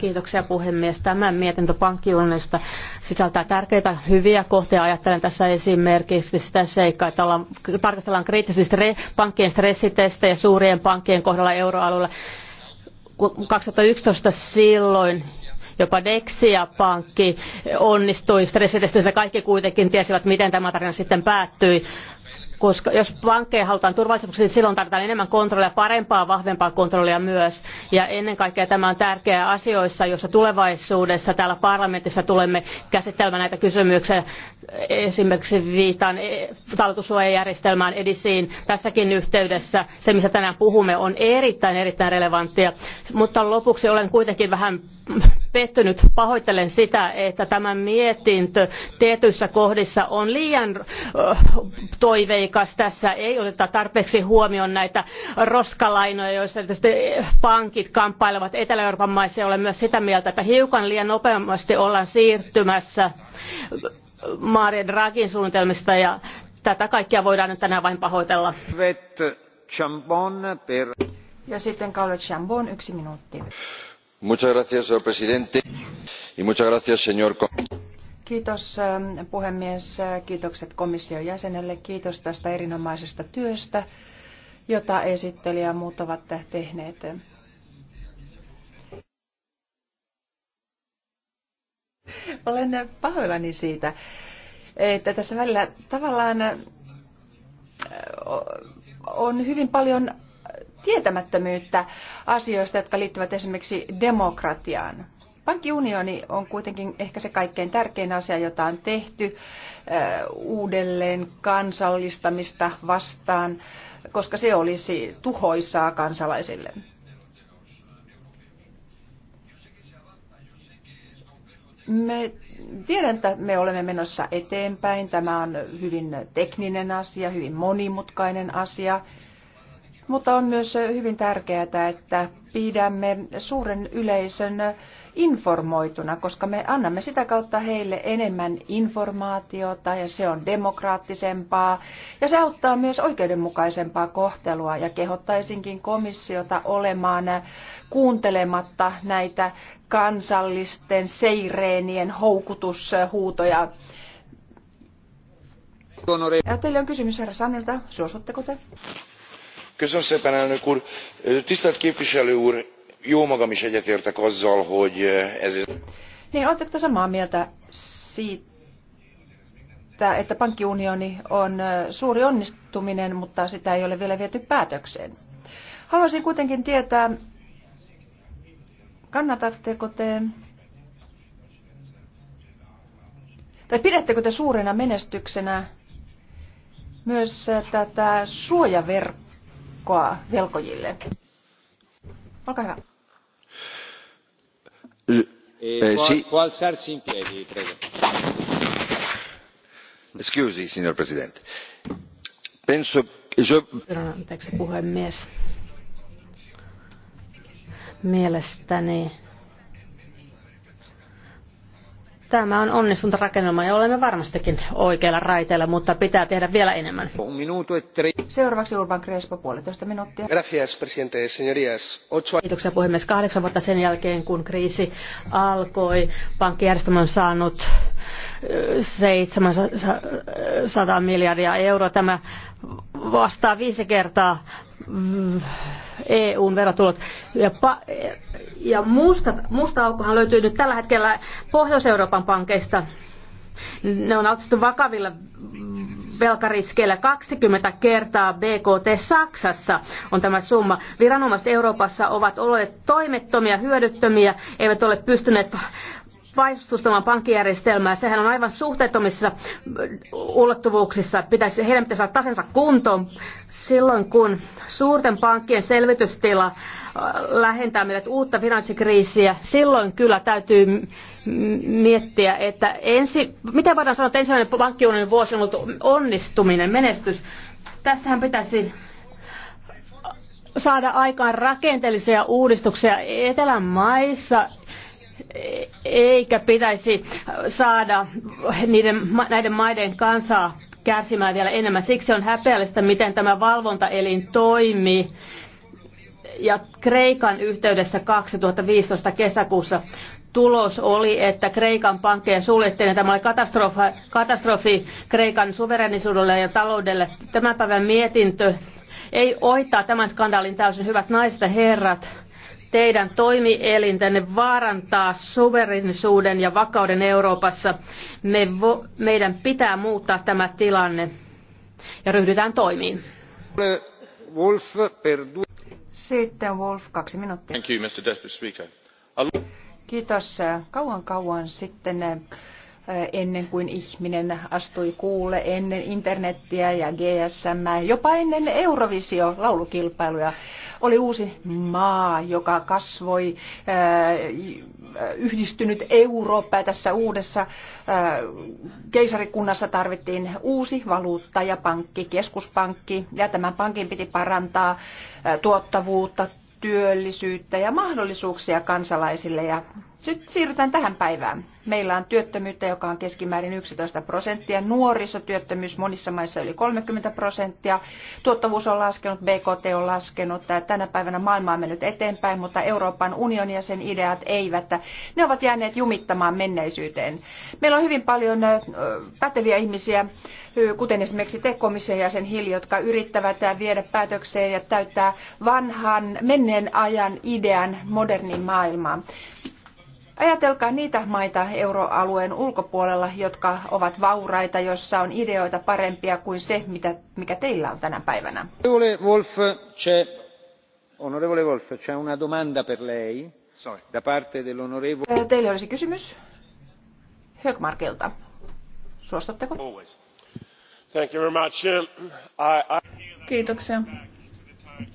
Kiitoksia puhemies. Tämä mietintö pankkiunionista sisältää tärkeitä hyviä kohtia. Ajattelen tässä esimerkiksi sitä seikkaa, että ollaan, tarkastellaan kriittisesti pankkien stressitestejä suurien pankkien kohdalla euroalueella. 2011 silloin Jopa Dexia-pankki onnistui stressitestissä. Kaikki kuitenkin tiesivät, miten tämä tarina sitten päättyi koska jos pankkeja halutaan turvallisemmaksi, niin silloin tarvitaan enemmän kontrollia, parempaa, vahvempaa kontrollia myös. Ja ennen kaikkea tämä on tärkeää asioissa, joissa tulevaisuudessa täällä parlamentissa tulemme käsittelemään näitä kysymyksiä. Esimerkiksi viitan e- talletussuojajärjestelmään edisiin tässäkin yhteydessä. Se, mistä tänään puhumme, on erittäin, erittäin relevanttia. Mutta lopuksi olen kuitenkin vähän pettynyt, pahoittelen sitä, että tämä mietintö tietyissä kohdissa on liian toiveikas. Tässä ei oteta tarpeeksi huomioon näitä roskalainoja, joissa tietysti pankit kamppailevat Etelä-Euroopan maissa. Olen myös sitä mieltä, että hiukan liian nopeasti ollaan siirtymässä Mario Draghin suunnitelmista ja tätä kaikkea voidaan nyt tänään vain pahoitella. Ja sitten Chambon, yksi minuutti señor presidente señor Kiitos eh, puhemies, kiitokset komission jäsenelle, kiitos tästä erinomaisesta työstä, jota esittelijä ja muut ovat tehneet. Olen pahoillani siitä, että tässä välillä tavallaan eh, on hyvin paljon tietämättömyyttä asioista, jotka liittyvät esimerkiksi demokratiaan. Pankkiunioni on kuitenkin ehkä se kaikkein tärkein asia, jota on tehty eh, uudelleen kansallistamista vastaan, koska se olisi tuhoisaa kansalaisille. Me tiedän, että me olemme menossa eteenpäin. Tämä on hyvin tekninen asia, hyvin monimutkainen asia mutta on myös hyvin tärkeää, että pidämme suuren yleisön informoituna, koska me annamme sitä kautta heille enemmän informaatiota ja se on demokraattisempaa ja se auttaa myös oikeudenmukaisempaa kohtelua ja kehottaisinkin komissiota olemaan kuuntelematta näitä kansallisten seireenien houkutushuutoja. Ja teille on kysymys herra Sanilta, suosutteko te? tisztelt képviselő úr jómagam is egyetértek azzal hogy ezért. Niin, oletteko samaa mieltä siitä, että pankkiunioni on suuri onnistuminen, mutta sitä ei ole vielä viety päätökseen? Haluaisin kuitenkin tietää, kannatatteko te tai pidättekö te suurena menestyksenä myös tätä suojaverkkoa? korkoa velkojille. Olkaa hyvä. Può eh, eh, alzarsi in piedi, prego. Scusi, signor Presidente. Penso Anteeksi puhemies. Mielestäni Tämä on onnistunut rakennelma ja olemme varmastikin oikeilla raiteilla, mutta pitää tehdä vielä enemmän. E Seuraavaksi Urban Crespo, puolitoista minuuttia. Gracias, presidente, señorías. Ocho... Kiitoksia puhemies. Kahdeksan vuotta sen jälkeen, kun kriisi alkoi, pankkijärjestelmä on saanut 700 miljardia euroa. Tämä vastaa viisi kertaa mm, EUn verotulot. Ja, pa- ja musta, musta aukkohan löytyy nyt tällä hetkellä Pohjois-Euroopan pankeista. Ne on altistettu vakavilla velkariskeillä 20 kertaa BKT Saksassa on tämä summa. Viranomaiset Euroopassa ovat olleet toimettomia, hyödyttömiä, eivät ole pystyneet vastustamaan pankkijärjestelmää. Sehän on aivan suhteettomissa ulottuvuuksissa. Pitäisi, heidän pitäisi saada tasensa kuntoon silloin, kun suurten pankkien selvitystila äh, lähentää meidät uutta finanssikriisiä. Silloin kyllä täytyy miettiä, että ensi, miten voidaan sanoa, että ensimmäinen pankkiunionin vuosi on ollut onnistuminen, menestys. Tässähän pitäisi saada aikaan rakenteellisia uudistuksia etelän maissa eikä pitäisi saada niiden, näiden maiden kansaa kärsimään vielä enemmän. Siksi on häpeällistä, miten tämä valvontaelin toimii. Ja Kreikan yhteydessä 2015 kesäkuussa tulos oli, että Kreikan pankkeja suljettiin. Tämä oli katastrofi, katastrofi Kreikan suverenisuudelle ja taloudelle. Tämän päivän mietintö ei oittaa tämän skandaalin täysin hyvät naiset ja herrat teidän toimielintänne vaarantaa suverenisuuden ja vakauden Euroopassa. Me vo, meidän pitää muuttaa tämä tilanne ja ryhdytään toimiin. Wolf, Sitten Wolf, kaksi minuuttia. Thank you, Mr. Kiitos. Kauan kauan sitten ennen kuin ihminen astui kuulle, ennen internettiä ja GSM, jopa ennen Eurovisio-laulukilpailuja, oli uusi maa, joka kasvoi yhdistynyt Eurooppa. Tässä uudessa keisarikunnassa tarvittiin uusi valuutta ja pankki, keskuspankki, ja tämän pankin piti parantaa tuottavuutta, työllisyyttä ja mahdollisuuksia kansalaisille ja nyt siirrytään tähän päivään. Meillä on työttömyyttä, joka on keskimäärin 11 prosenttia, nuorisotyöttömyys monissa maissa yli 30 prosenttia, tuottavuus on laskenut, BKT on laskenut, tänä päivänä maailma on mennyt eteenpäin, mutta Euroopan unioni ja sen ideat eivät. Ne ovat jääneet jumittamaan menneisyyteen. Meillä on hyvin paljon päteviä ihmisiä, kuten esimerkiksi te komission jäsen Hill, jotka yrittävät viedä päätökseen ja täyttää vanhan menneen ajan idean moderniin maailmaan. Ajatelkaa niitä maita euroalueen ulkopuolella, jotka ovat vauraita, jossa on ideoita parempia kuin se, mitä, mikä teillä on tänä päivänä. Wolf, c'è, onorevole Wolf, c'è una domanda per lei. Sorry. Da parte dell'onorevole... Teille olisi kysymys Högmarkilta. Suostutteko? Always. Thank you very much. I, I... Kiitoksia.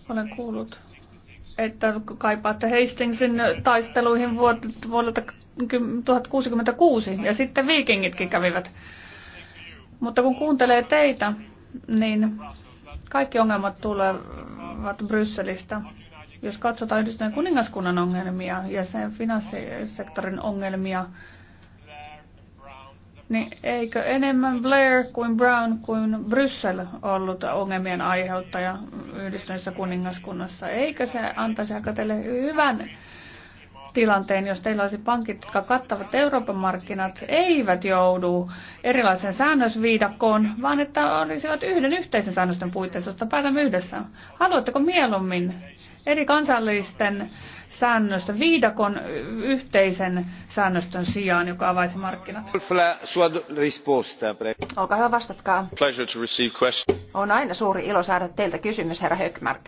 Olen kuullut että kaipaatte Hastingsin taisteluihin vuodelta 1066 ja sitten viikingitkin kävivät. Mutta kun kuuntelee teitä, niin kaikki ongelmat tulevat Brysselistä. Jos katsotaan yhdistyneen kuningaskunnan ongelmia ja sen finanssisektorin ongelmia, niin eikö enemmän Blair kuin Brown kuin Bryssel ollut ongelmien aiheuttaja yhdistyneessä kuningaskunnassa? Eikö se antaisi aika teille hyvän tilanteen, jos teillä olisi pankit, jotka kattavat Euroopan markkinat, eivät joudu erilaiseen säännösviidakkoon, vaan että olisivat yhden yhteisen säännösten puitteissa, josta päätämme yhdessä. Haluatteko mieluummin eri kansallisten säännöstä viidakon yhteisen säännöstön sijaan, joka avaisi markkinat? Olkaa hyvä, vastatkaa. On aina suuri ilo saada teiltä kysymys, herra Höckmark.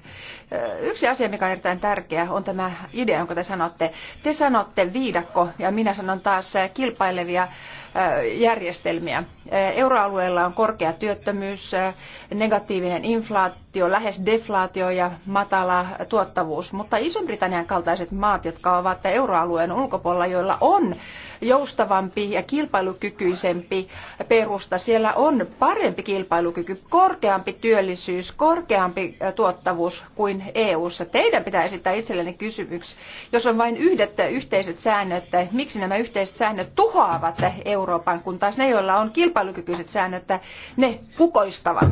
Yksi asia, mikä on erittäin tärkeä, on tämä idea, jonka te sanotte. Te sanotte viidakko ja minä sanon taas kilpailevia järjestelmiä. Euroalueella on korkea työttömyys, negatiivinen inflaatio, lähes deflaatio ja matala tuottavuus, mutta Iso-Britannian kaltaiset maat, jotka ovat euroalueen ulkopuolella, joilla on joustavampi ja kilpailukykyisempi perusta, siellä on parempi kilpailukyky, korkeampi työllisyys, korkeampi tuottavuus kuin EU:ssa. Teidän pitää esittää itselleni kysymys, jos on vain yhdet yhteiset säännöt, miksi nämä yhteiset säännöt tuhoavat EU Euroopan, kun taas ne, joilla on kilpailukykyiset säännöt, ne kukoistavat.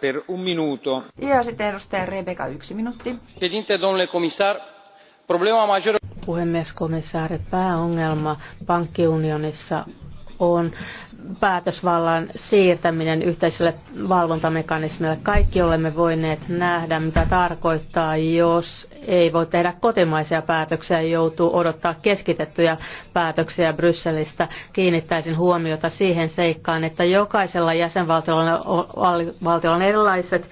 Per un minuto. Ja sitten edustaja Rebeka, yksi minuutti. Puhemies, komissaari, pääongelma pankkiunionissa on päätösvallan siirtäminen yhteiselle valvontamekanismille. Kaikki olemme voineet nähdä, mitä tarkoittaa, jos ei voi tehdä kotimaisia päätöksiä ja joutuu odottaa keskitettyjä päätöksiä Brysselistä. Kiinnittäisin huomiota siihen seikkaan, että jokaisella jäsenvaltiolla on erilaiset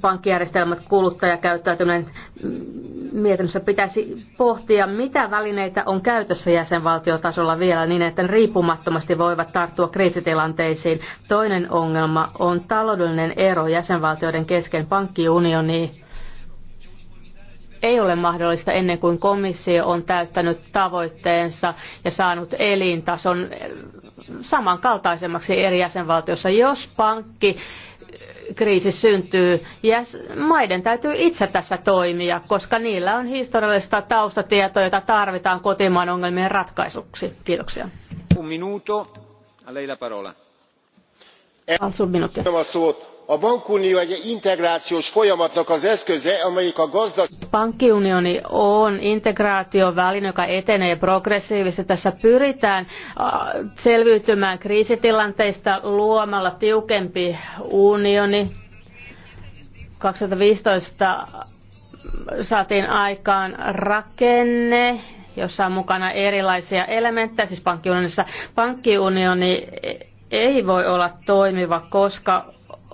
pankkijärjestelmät, kuluttajakäyttäytyminen, mietinnössä pitäisi pohtia, mitä välineitä on käytössä jäsenvaltiotasolla vielä niin, että ne riippumattomasti voivat tarttua kriisitilanteisiin. Toinen ongelma on taloudellinen ero jäsenvaltioiden kesken pankkiunioni ei ole mahdollista ennen kuin komissio on täyttänyt tavoitteensa ja saanut elintason samankaltaisemmaksi eri jäsenvaltiossa. Jos pankki kriisi syntyy. Ja maiden täytyy itse tässä toimia, koska niillä on historiallista taustatietoa, jota tarvitaan kotimaan ongelmien ratkaisuksi. Kiitoksia. Un minuto, a lei la parola a pankunió egy integrációs folyamatnak az eszköze amelyik a gazdaság. pankkiunioni on integraatioväline joka etenee progressiivisesti. tässä pyritään selviytymään kriisitilanteista luomalla tiukempi unioni. kaksituhatta viisitoista saatiin aikaan rakenne jossa on mukana erilaisia elementtejä siis pankkiunionissa. pankkiunioni ei voi olla toimiva, koska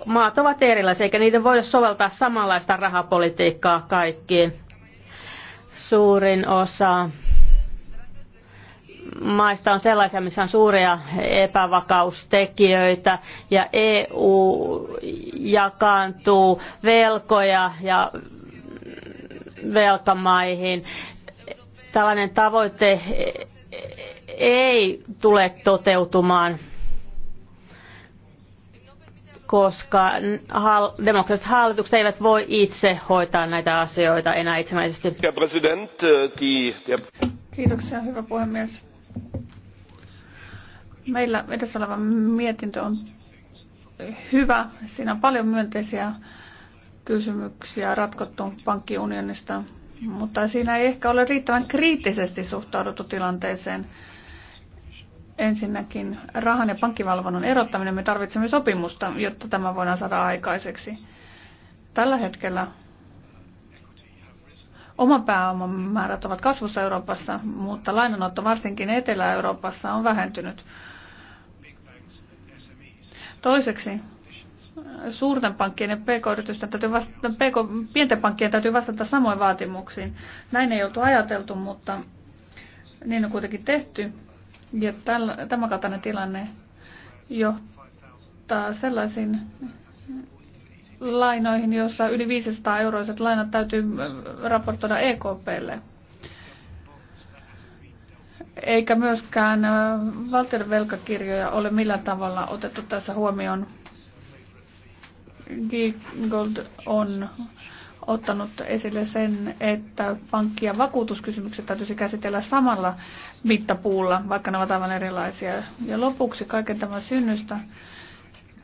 maat ovat erilaisia, eikä niiden voida soveltaa samanlaista rahapolitiikkaa kaikkiin. Suurin osa maista on sellaisia, missä on suuria epävakaustekijöitä ja EU jakaantuu velkoja ja velkamaihin. Tällainen tavoite ei tule toteutumaan koska hal- demokraattiset hallitukset eivät voi itse hoitaa näitä asioita enää itsenäisesti. Äh, Kiitoksia, hyvä puhemies. Meillä edessä oleva mietintö on hyvä. Siinä on paljon myönteisiä kysymyksiä ratkottu pankkiunionista, mutta siinä ei ehkä ole riittävän kriittisesti suhtauduttu tilanteeseen. Ensinnäkin rahan ja pankkivalvonnan erottaminen. Me tarvitsemme sopimusta, jotta tämä voidaan saada aikaiseksi. Tällä hetkellä oma pääoman määrät ovat kasvussa Euroopassa, mutta lainanotto varsinkin Etelä-Euroopassa on vähentynyt. Toiseksi suurten pankkien ja pk-yritysten täytyy vastata, PK, pienten pankkien täytyy vastata samoin vaatimuksiin. Näin ei oltu ajateltu, mutta niin on kuitenkin tehty. Ja tämä kaltainen tilanne johtaa sellaisiin lainoihin, joissa yli 500 euroiset lainat täytyy äh, raportoida EKPlle. Eikä myöskään äh, valtion velkakirjoja ole millään tavalla otettu tässä huomioon. Giegold on ottanut esille sen, että pankki- ja vakuutuskysymykset täytyisi käsitellä samalla mittapuulla, vaikka ne ovat aivan erilaisia. Ja lopuksi kaiken tämän synnystä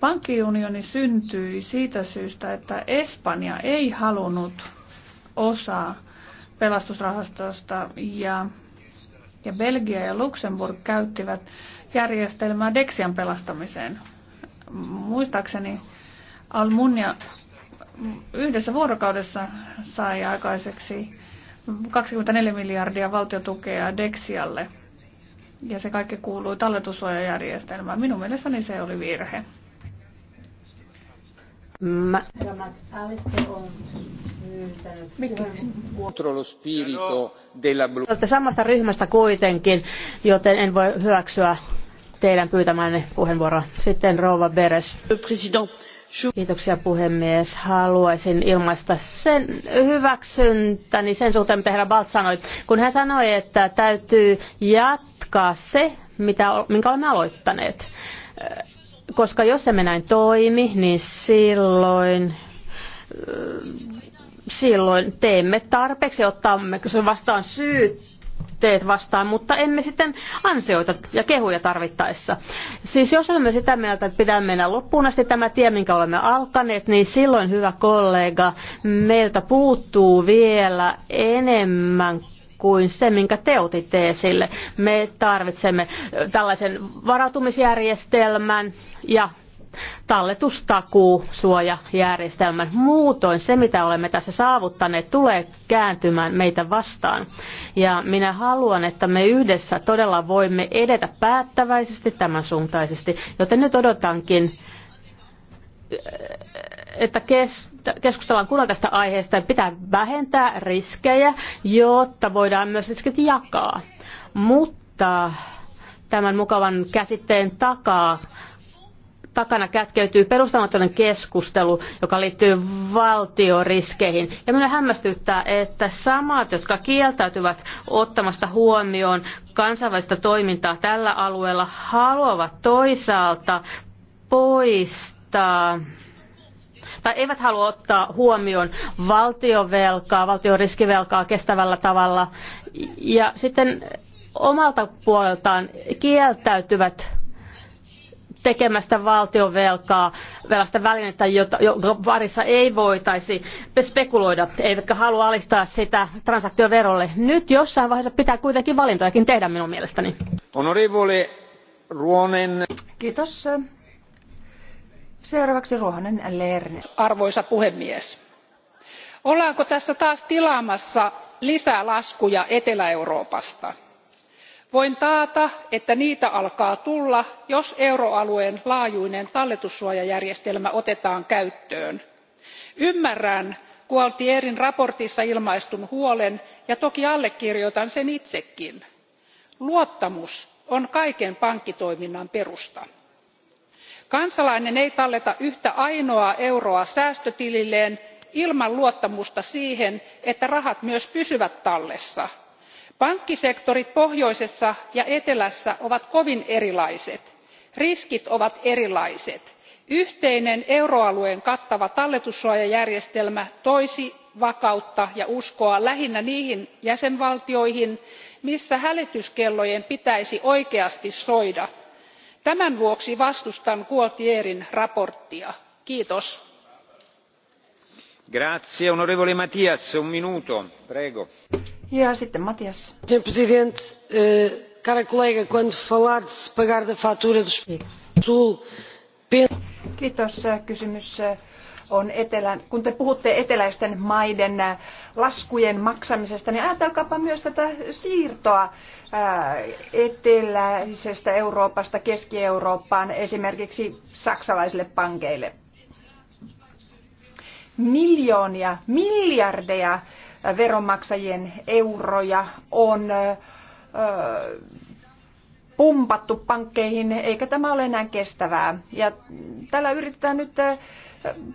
pankkiunioni syntyi siitä syystä, että Espanja ei halunnut osaa pelastusrahastosta ja, ja Belgia ja Luxemburg käyttivät järjestelmää Dexian pelastamiseen. Muistaakseni Almunia yhdessä vuorokaudessa sai aikaiseksi 24 miljardia valtiotukea Dexialle. Ja se kaikki kuului talletussuojajärjestelmään. Minun mielestäni se oli virhe. Mä... Olette samasta ryhmästä kuitenkin, joten en voi hyväksyä teidän pyytämänne puheenvuoroa. Sitten Rova Beres. President Kiitoksia puhemies. Haluaisin ilmaista sen hyväksyntäni sen suhteen, mitä herra Balt sanoi. Kun hän sanoi, että täytyy jatkaa se, mitä, minkä olemme aloittaneet. Koska jos emme näin toimi, niin silloin silloin teemme tarpeeksi, otamme vastaan syyt teet vastaan, mutta emme sitten ansioita ja kehuja tarvittaessa. Siis jos olemme sitä mieltä, että pitää mennä loppuun asti tämä tie, minkä olemme alkaneet, niin silloin hyvä kollega, meiltä puuttuu vielä enemmän kuin se, minkä te otitte esille. Me tarvitsemme tällaisen varautumisjärjestelmän ja talletustakuu suojajärjestelmän. Muutoin se, mitä olemme tässä saavuttaneet, tulee kääntymään meitä vastaan. Ja minä haluan, että me yhdessä todella voimme edetä päättäväisesti tämän suuntaisesti. Joten nyt odotankin että keskustellaan kunnolla tästä aiheesta, ja pitää vähentää riskejä, jotta voidaan myös riskit jakaa. Mutta tämän mukavan käsitteen takaa takana kätkeytyy perustamaton keskustelu, joka liittyy valtioriskeihin. Ja minua hämmästyttää, että samat, jotka kieltäytyvät ottamasta huomioon kansainvälistä toimintaa tällä alueella, haluavat toisaalta poistaa tai eivät halua ottaa huomioon valtiovelkaa, valtion riskivelkaa kestävällä tavalla. Ja sitten omalta puoleltaan kieltäytyvät tekemästä valtionvelkaa, velasta välinettä, jota, jonka parissa ei voitaisi spekuloida, eivätkä halua alistaa sitä transaktioverolle. Nyt jossain vaiheessa pitää kuitenkin valintojakin tehdä minun mielestäni. Honorevole Ruonen. Kiitos. Seuraavaksi Ruohonen Lerner. Arvoisa puhemies, ollaanko tässä taas tilaamassa lisää laskuja Etelä-Euroopasta? voin taata että niitä alkaa tulla jos euroalueen laajuinen talletussuojajärjestelmä otetaan käyttöön. ymmärrän gualtierin mietinnössä ilmaistun huolen ja toki allekirjoitan sen itsekin. luottamus on kaiken pankkitoiminnan perusta. kansalainen ei talleta yhtä ainoaa euroa säästötililleen ilman luottamusta siihen että rahat myös pysyvät tallessa pankkisektorit pohjoisessa ja etelässä ovat kovin erilaiset riskit ovat erilaiset. yhteinen euroalueen kattava talletussuojajärjestelmä toisi vakautta ja uskoa lähinnä niihin jäsenvaltioihin missä hälytyskellojen pitäisi oikeasti soida. tämän vuoksi vastustan gualtierin mietintöä. kiitos. Ja Senhor Presidente, eh, cara colega, quando falar de se pagar da fatura do Sul, eh, eh, kun te puhutte eteläisten maiden laskujen maksamisesta, niin ajatelkaapa myös tätä siirtoa eteläisestä Euroopasta Keski-Eurooppaan esimerkiksi saksalaisille pankeille. Miljoonia, miljardeja veronmaksajien euroja on pumpattu pankkeihin, eikä tämä ole enää kestävää. Ja tällä yritetään nyt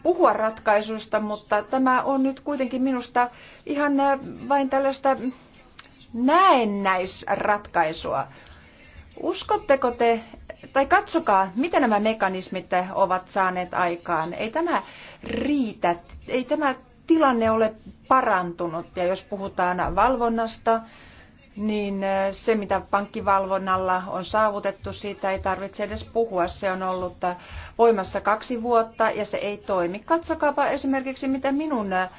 puhua ratkaisuista, mutta tämä on nyt kuitenkin minusta ihan vain tällaista näennäisratkaisua. Uskotteko te, tai katsokaa, mitä nämä mekanismit ovat saaneet aikaan. Ei tämä riitä, ei tämä tilanne ole parantunut. Ja jos puhutaan valvonnasta, niin äh, se, mitä pankkivalvonnalla on saavutettu, siitä ei tarvitse edes puhua. Se on ollut äh, voimassa kaksi vuotta ja se ei toimi. Katsokaapa esimerkiksi, mitä minun äh,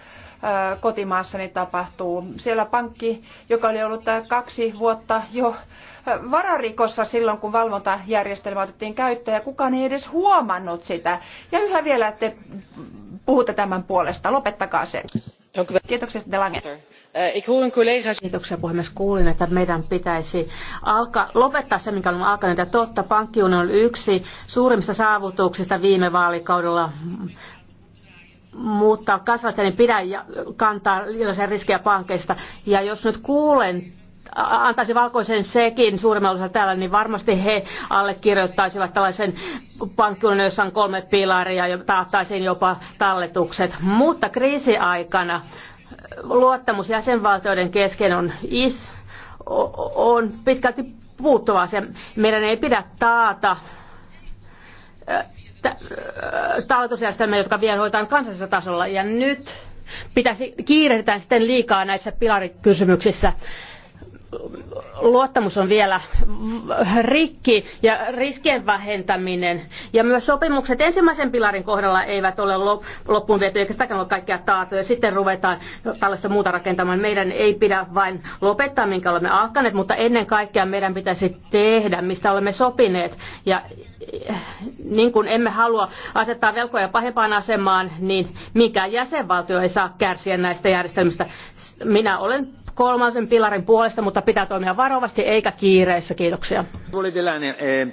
kotimaassani tapahtuu. Siellä pankki, joka oli ollut kaksi vuotta jo vararikossa silloin, kun valvontajärjestelmä otettiin käyttöön ja kukaan ei edes huomannut sitä. Ja yhä vielä te puhutte tämän puolesta. Lopettakaa se. Kiitoksia, Delange. Eh, Kiitoksia puhemies. Kuulin, että meidän pitäisi alkaa, lopettaa se, mikä on alkanut. Ja totta, pankkiunioni on yksi suurimmista saavutuksista viime vaalikaudella mutta kansalaisten ei pidä kantaa liiallisia riskejä pankeista. Ja jos nyt kuulen antaisi valkoisen sekin suurimmalle osalle täällä, niin varmasti he allekirjoittaisivat tällaisen pankkiunion, jossa on kolme pilaria ja taattaisiin jopa talletukset. Mutta kriisiaikana eh, luottamus jäsenvaltioiden kesken on is, on pitkälti puuttuva asia. Meidän ei pidä taata eh, eh, talletusjärjestelmiä, jotka vielä hoitaan kansallisella tasolla. Ja nyt pitäisi kiirehditään sitten liikaa näissä pilarikysymyksissä luottamus on vielä rikki ja riskien vähentäminen. Ja myös sopimukset ensimmäisen pilarin kohdalla eivät ole loppuun viety, eikä sitäkään ole kaikkea taattu. Ja sitten ruvetaan tällaista muuta rakentamaan. Meidän ei pidä vain lopettaa, minkä olemme alkaneet, mutta ennen kaikkea meidän pitäisi tehdä, mistä olemme sopineet. Ja niin kuin emme halua asettaa velkoja pahempaan asemaan, niin mikään jäsenvaltio ei saa kärsiä näistä järjestelmistä. Minä olen kolmannen pilarin puolesta, mutta pitää toimia varovasti eikä kiireessä. Kiitoksia. Eh,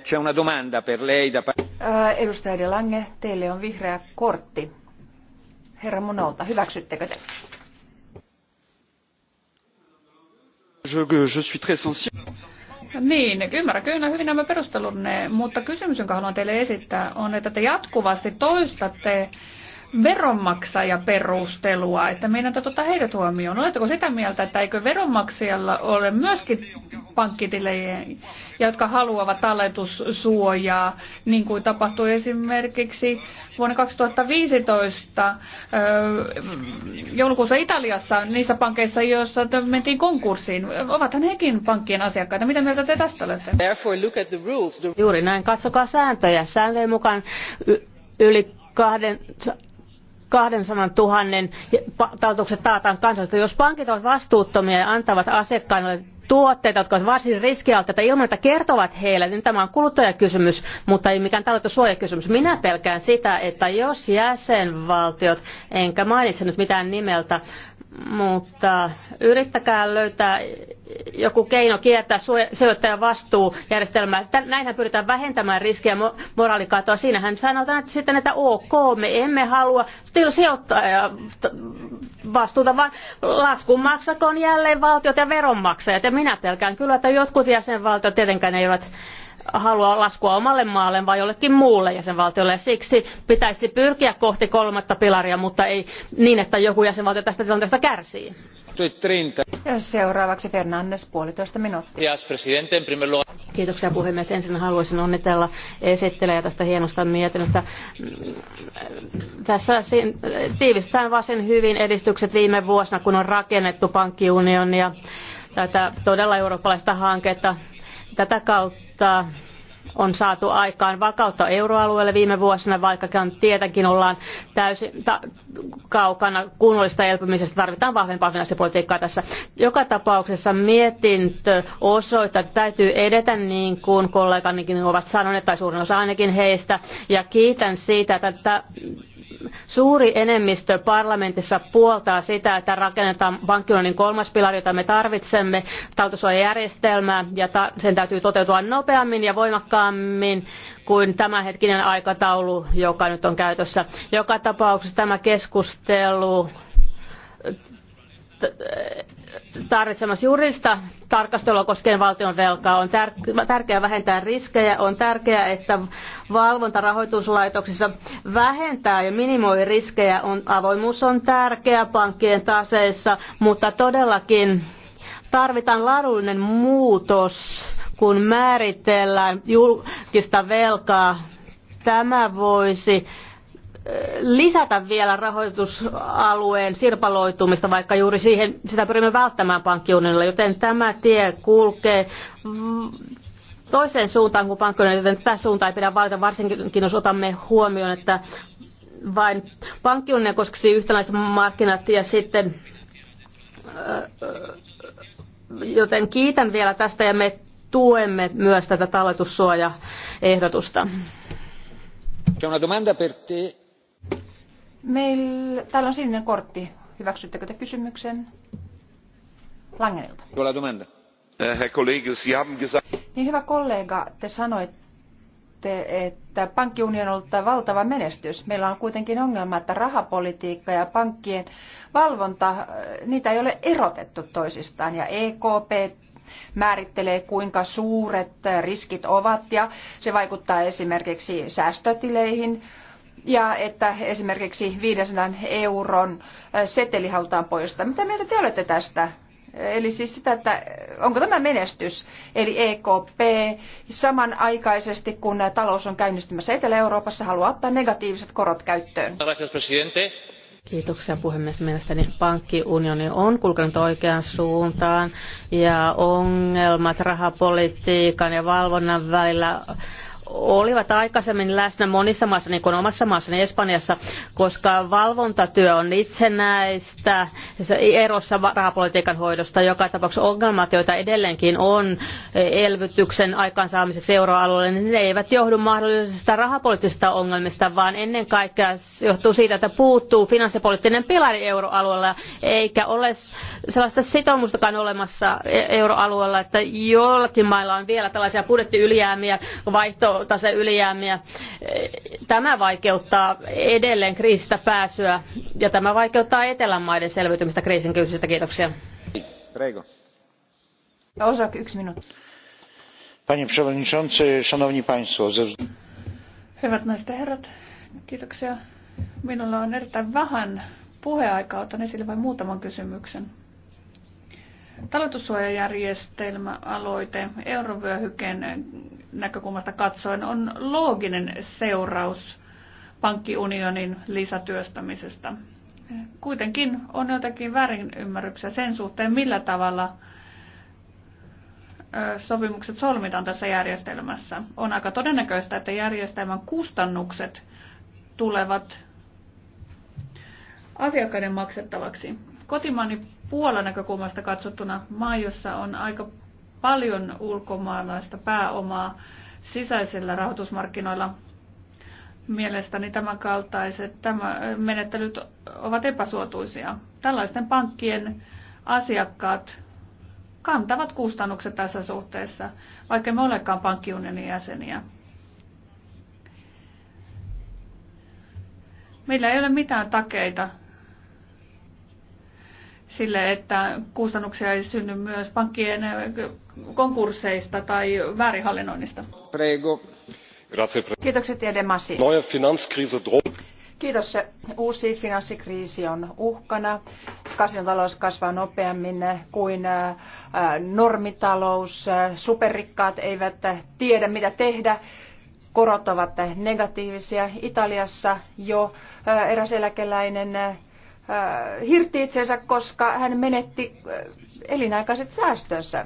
äh, edustaja De Lange, teille on vihreä kortti. Herra Monolta, hyväksyttekö te? Je, je suis très sensible niin, ymmärrän kyllä hyvin nämä perustelunne, mutta kysymys, jonka haluan teille esittää, on, että te jatkuvasti toistatte veronmaksajaperustelua, että meidän täytyy ottaa heidät huomioon. Oletteko sitä mieltä, että eikö veronmaksajalla ole myöskin pankkitilejä, jotka haluavat talletussuojaa, niin kuin tapahtui esimerkiksi vuonna 2015 joulukuussa Italiassa niissä pankeissa, joissa mentiin konkurssiin. Ovathan hekin pankkien asiakkaita. Mitä mieltä te tästä olette? Juuri näin. Katsokaa sääntöjä. Sääntöjen mukaan yli kahden 200 000 talletukset taataan kansalaisille. Jos pankit ovat vastuuttomia ja antavat asiakkaille tuotteita, jotka ovat varsin riskialttiita ilman, että kertovat heille, niin tämä on kuluttajakysymys, mutta ei mikään talletussuojakysymys. Minä pelkään sitä, että jos jäsenvaltiot, enkä mainitse nyt mitään nimeltä, mutta yrittäkää löytää joku keino kiertää sijoittajan vastuujärjestelmää. Näinhän pyritään vähentämään riskejä moraalikatoa. Siinähän sanotaan että sitten, että ok, me emme halua sijoittajan vastuuta, vaan laskun maksakoon jälleen valtiot ja veronmaksajat. Ja minä pelkään kyllä, että jotkut jäsenvaltiot tietenkään eivät halua laskua omalle maalleen vai jollekin muulle jäsenvaltiolle. Ja siksi pitäisi pyrkiä kohti kolmatta pilaria, mutta ei niin, että joku jäsenvaltio tästä tilanteesta kärsii. Seuraavaksi Fernandes, puolitoista minuuttia. Kiitoksia puhemies. Ensin haluaisin onnitella esittelejä tästä hienosta mietinnöstä. Tässä tiivistetään varsin hyvin edistykset viime vuosina, kun on rakennettu pankkiunionia tätä todella eurooppalaista hanketta Tätä kautta on saatu aikaan vakautta euroalueelle viime vuosina, vaikkakin tietenkin ollaan täysin ta- kaukana kunnollista elpymisestä. Tarvitaan vahvempaa finanssipolitiikkaa tässä. Joka tapauksessa mietintö osoittaa, että täytyy edetä niin kuin kolleganikin ovat sanoneet, tai suurin osa ainakin heistä. Ja kiitän siitä, että suuri enemmistö parlamentissa puoltaa sitä, että rakennetaan pankkiunionin kolmas pilari, jota me tarvitsemme, tautosuojajärjestelmää, ja sen täytyy toteutua nopeammin ja voimakkaammin kuin tämänhetkinen aikataulu, joka nyt on käytössä. Joka tapauksessa tämä keskustelu tarvitsemassa juridista tarkastelua koskien valtion velkaa. On tärkeää vähentää riskejä, on tärkeää, että valvonta rahoituslaitoksissa vähentää ja minimoi riskejä. On, avoimuus on tärkeä pankkien taseissa, mutta todellakin tarvitaan laadullinen muutos, kun määritellään julkista velkaa. Tämä voisi lisätä vielä rahoitusalueen sirpaloitumista, vaikka juuri siihen, sitä pyrimme välttämään pankkiunionilla, joten tämä tie kulkee mm, toiseen suuntaan kuin pankkiunioni, joten tätä suuntaa ei pidä valita, varsinkin jos otamme huomioon, että vain pankkiunionia koskisi yhtäläiset markkinat ja sitten äh, joten kiitän vielä tästä ja me tuemme myös tätä talletussuojaehdotusta. una per te Meillä, täällä on sininen kortti. Hyväksyttekö te kysymyksen? Langenilta. Eh, niin hyvä kollega, te sanoitte, että pankkiunion on ollut valtava menestys. Meillä on kuitenkin ongelma, että rahapolitiikka ja pankkien valvonta, eh, niitä ei ole erotettu toisistaan. Ja EKP määrittelee, kuinka suuret eh, riskit ovat ja se vaikuttaa esimerkiksi säästötileihin ja että esimerkiksi 500 euron äh, seteli halutaan poistaa. Mitä mieltä te olette tästä? Eli siis sitä, että äh, onko tämä menestys, eli EKP samanaikaisesti kun äh, talous on käynnistymässä Etelä-Euroopassa haluaa ottaa negatiiviset korot käyttöön. Kiitoksia puhemies. Mielestäni pankkiunioni on kulkenut oikeaan suuntaan ja ongelmat rahapolitiikan ja valvonnan välillä olivat aikaisemmin läsnä monissa maissa, niin kuin omassa maassani Espanjassa, koska valvontatyö on itsenäistä erossa rahapolitiikan hoidosta. Joka tapauksessa ongelmat, joita edelleenkin on elvytyksen aikaansaamiseksi euroalueelle, niin ne eivät johdu mahdollisista rahapoliittisista ongelmista, vaan ennen kaikkea johtuu siitä, että puuttuu finanssipoliittinen pilari euroalueella, eikä ole sellaista sitoumustakaan olemassa e- euroalueella, että joillakin mailla on vielä tällaisia budjettiylijäämiä vaihto tase ylijäämiä. Tämä vaikeuttaa edelleen kriisistä pääsyä ja tämä vaikeuttaa etelän maiden selviytymistä kriisin kyysistä. Kiitoksia. Reiko. Osak, yksi minuutti. Panie przewodniczący, szanowni państwo. Ze... Hyvät naiset ja herrat, kiitoksia. Minulla on erittäin vähän puheaikaa, otan esille vain muutaman kysymyksen aloite eurovyöhykkeen näkökulmasta katsoen on looginen seuraus pankkiunionin lisätyöstämisestä. Kuitenkin on jotakin väärinymmärryksiä sen suhteen, millä tavalla sopimukset solmitaan tässä järjestelmässä. On aika todennäköistä, että järjestelmän kustannukset tulevat asiakkaiden maksettavaksi. Kotimaani Puolan näkökulmasta katsottuna maa, jossa on aika paljon ulkomaalaista pääomaa sisäisillä rahoitusmarkkinoilla. Mielestäni tämän kaltaiset tämä, menettelyt ovat epäsuotuisia. Tällaisten pankkien asiakkaat kantavat kustannukset tässä suhteessa, vaikka me olekaan pankkiunionin jäseniä. Meillä ei ole mitään takeita sille, että kustannuksia ei synny myös pankkien äh, konkursseista tai väärinhallinnoinnista. Prego. Kiitokset ja Demasi. Kiitos. Uusi finanssikriisi on uhkana. Kasinotalous kasvaa nopeammin kuin äh, normitalous. Superrikkaat eivät tiedä, mitä tehdä. Korot ovat negatiivisia. Italiassa jo äh, eräs eläkeläinen hirtti itsensä, koska hän menetti elinaikaiset säästönsä.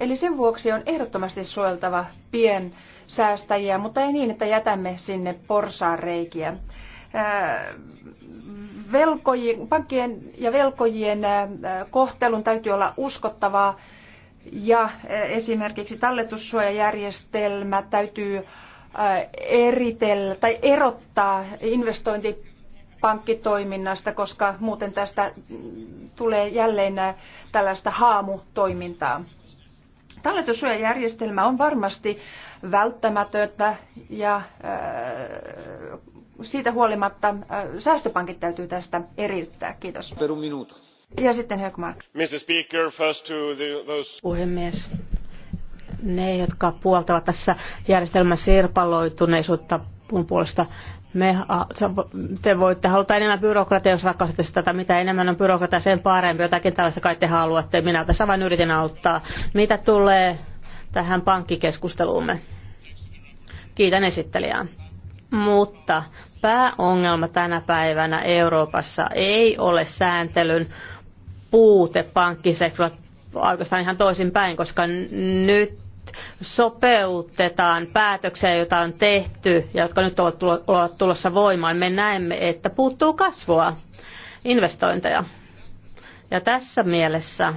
Eli sen vuoksi on ehdottomasti suojeltava piensäästäjiä, mutta ei niin, että jätämme sinne reikiä. Velkojien, pankkien ja velkojien kohtelun täytyy olla uskottavaa ja esimerkiksi talletussuojajärjestelmä täytyy eritellä tai erottaa investointi pankkitoiminnasta, koska muuten tästä tulee jälleen äh, tällaista haamutoimintaa. Talletussuojajärjestelmä on varmasti välttämätöntä ja äh, siitä huolimatta äh, säästöpankit täytyy tästä eriyttää. Kiitos. Ja sitten Högmark. Mr. Speaker, first to those... Puhemies, ne, jotka puoltavat tässä järjestelmän sirpaloituneisuutta mun puolesta me, te voitte haluta enemmän byrokratiaa, jos rakastatte sitä, mitä enemmän on byrokratiaa, sen parempi. Jotakin tällaista kai te haluatte. Minä tässä vain yritin auttaa. Mitä tulee tähän pankkikeskusteluumme? Kiitän esittelijää. Mutta pääongelma tänä päivänä Euroopassa ei ole sääntelyn puute pankkisektorilla, oikeastaan ihan toisinpäin, koska nyt sopeutetaan päätöksiä, joita on tehty ja jotka nyt ovat tulossa voimaan, me näemme, että puuttuu kasvua, investointeja. Ja tässä mielessä,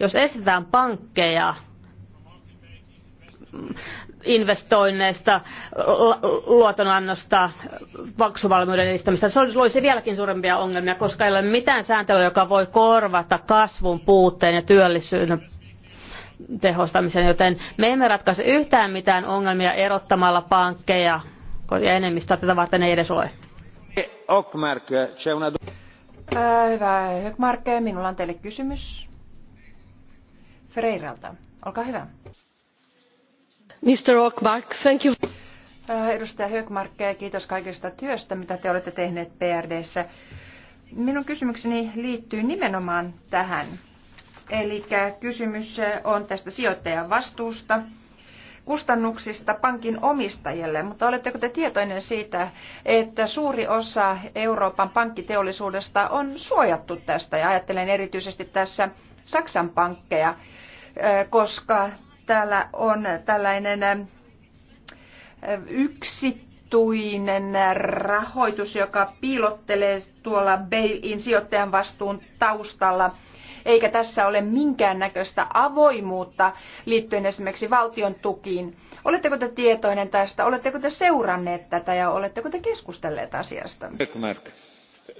jos estetään pankkeja investoinneista, luotonannosta, maksuvalmiuden edistämistä. Se loisi vieläkin suurempia ongelmia, koska ei ole mitään sääntelyä, joka voi korvata kasvun puutteen ja työllisyyden tehostamisen, joten me emme ratkaise yhtään mitään ongelmia erottamalla pankkeja, ja enemmistöä tätä varten ei edes ole. Äh, hyvä, Hökmark, minulla on teille kysymys. Freiralta, olkaa hyvä. Mr. Okmark, thank you. Äh, edustaja Hökmark, kiitos kaikesta työstä, mitä te olette tehneet PRDssä. Minun kysymykseni liittyy nimenomaan tähän. Eli kysymys on tästä sijoittajan vastuusta kustannuksista pankin omistajille, mutta oletteko te tietoinen siitä, että suuri osa Euroopan pankkiteollisuudesta on suojattu tästä ja ajattelen erityisesti tässä Saksan pankkeja, koska täällä on tällainen yksittuinen rahoitus, joka piilottelee tuolla bail-in sijoittajan vastuun taustalla – eikä tässä ole minkäännäköistä avoimuutta liittyen esimerkiksi valtion tukiin. Oletteko te tietoinen tästä? Oletteko te seuranneet tätä ja oletteko te keskustelleet asiasta?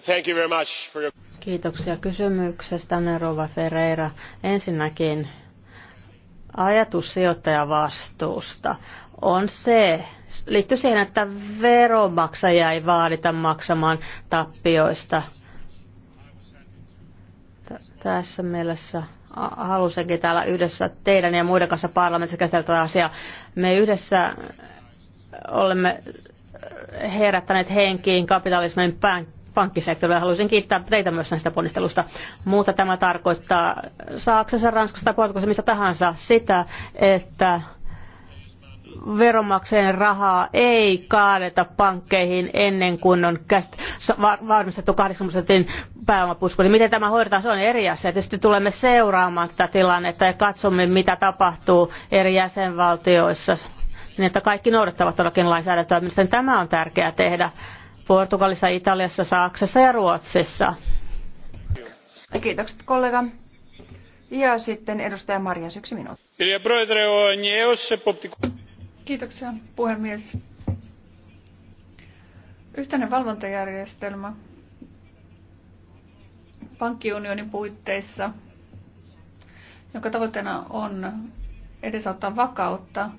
Thank you very much for your... Kiitoksia kysymyksestä, Nerova Ferreira. Ensinnäkin ajatus sijoittajavastuusta on se, liittyy siihen, että veromaksajia ei vaadita maksamaan tappioista tässä mielessä halusinkin täällä yhdessä teidän ja muiden kanssa parlamentissa käsitellä tätä asiaa. Me yhdessä olemme herättäneet henkiin kapitalismin pään pankkisektorilla. Haluaisin kiittää teitä myös näistä ponnistelusta. Muuta tämä tarkoittaa Saksassa, Ranskassa tai Portugalissa mistä tahansa sitä, että veronmaksajien rahaa ei kaadeta pankkeihin ennen kuin on käsit- varmistettu 80 prosentin pääomapusku. Niin miten tämä hoidetaan, se on eri asia. Tietysti tulemme seuraamaan tätä tilannetta ja katsomme, mitä tapahtuu eri jäsenvaltioissa, niin että kaikki noudattavat todellakin lainsäädäntöä. Mielestäni tämä on tärkeää tehdä Portugalissa, Italiassa, Saksassa ja Ruotsissa. Kiitokset kollega. Ja sitten edustaja Marjas yksi minuutti. Kiitoksia, puhemies. Yhteinen valvontajärjestelmä pankkiunionin puitteissa, jonka tavoitteena on edesauttaa vakautta,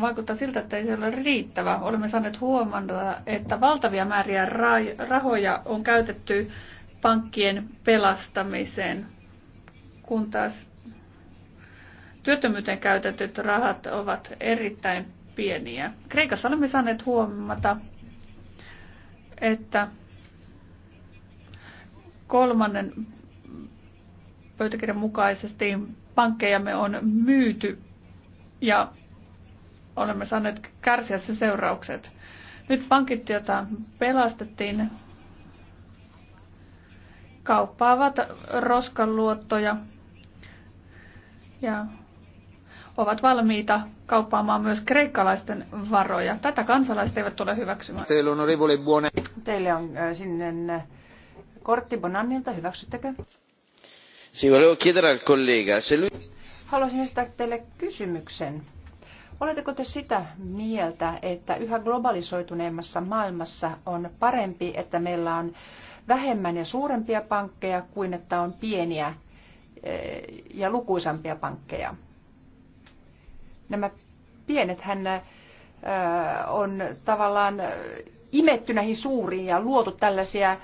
vaikuttaa siltä, että ei se ole riittävä. Olemme saaneet huomata, että valtavia määriä rahoja on käytetty pankkien pelastamiseen, kun taas työttömyyteen käytetyt rahat ovat erittäin pieniä. Kreikassa olemme saaneet huomata, että kolmannen pöytäkirjan mukaisesti pankkejamme on myyty ja olemme saaneet kärsiä se seuraukset. Nyt pankit, joita pelastettiin, kauppaavat roskaluottoja ja ovat valmiita kauppaamaan myös kreikkalaisten varoja. Tätä kansalaiset eivät tule hyväksymään. Teille on, buone. Teille on sinne kortti Bonannilta, hyväksyttekö? Sì, volevo chiedere al collega se lui... Haluaisin esittää teille kysymyksen. Oletteko te sitä mieltä, että yhä globalisoituneemmassa maailmassa on parempi, että meillä on vähemmän ja suurempia pankkeja kuin että on pieniä ja lukuisampia pankkeja? nämä pienet hän on tavallaan imetty näihin suuriin ja luotu tällaisia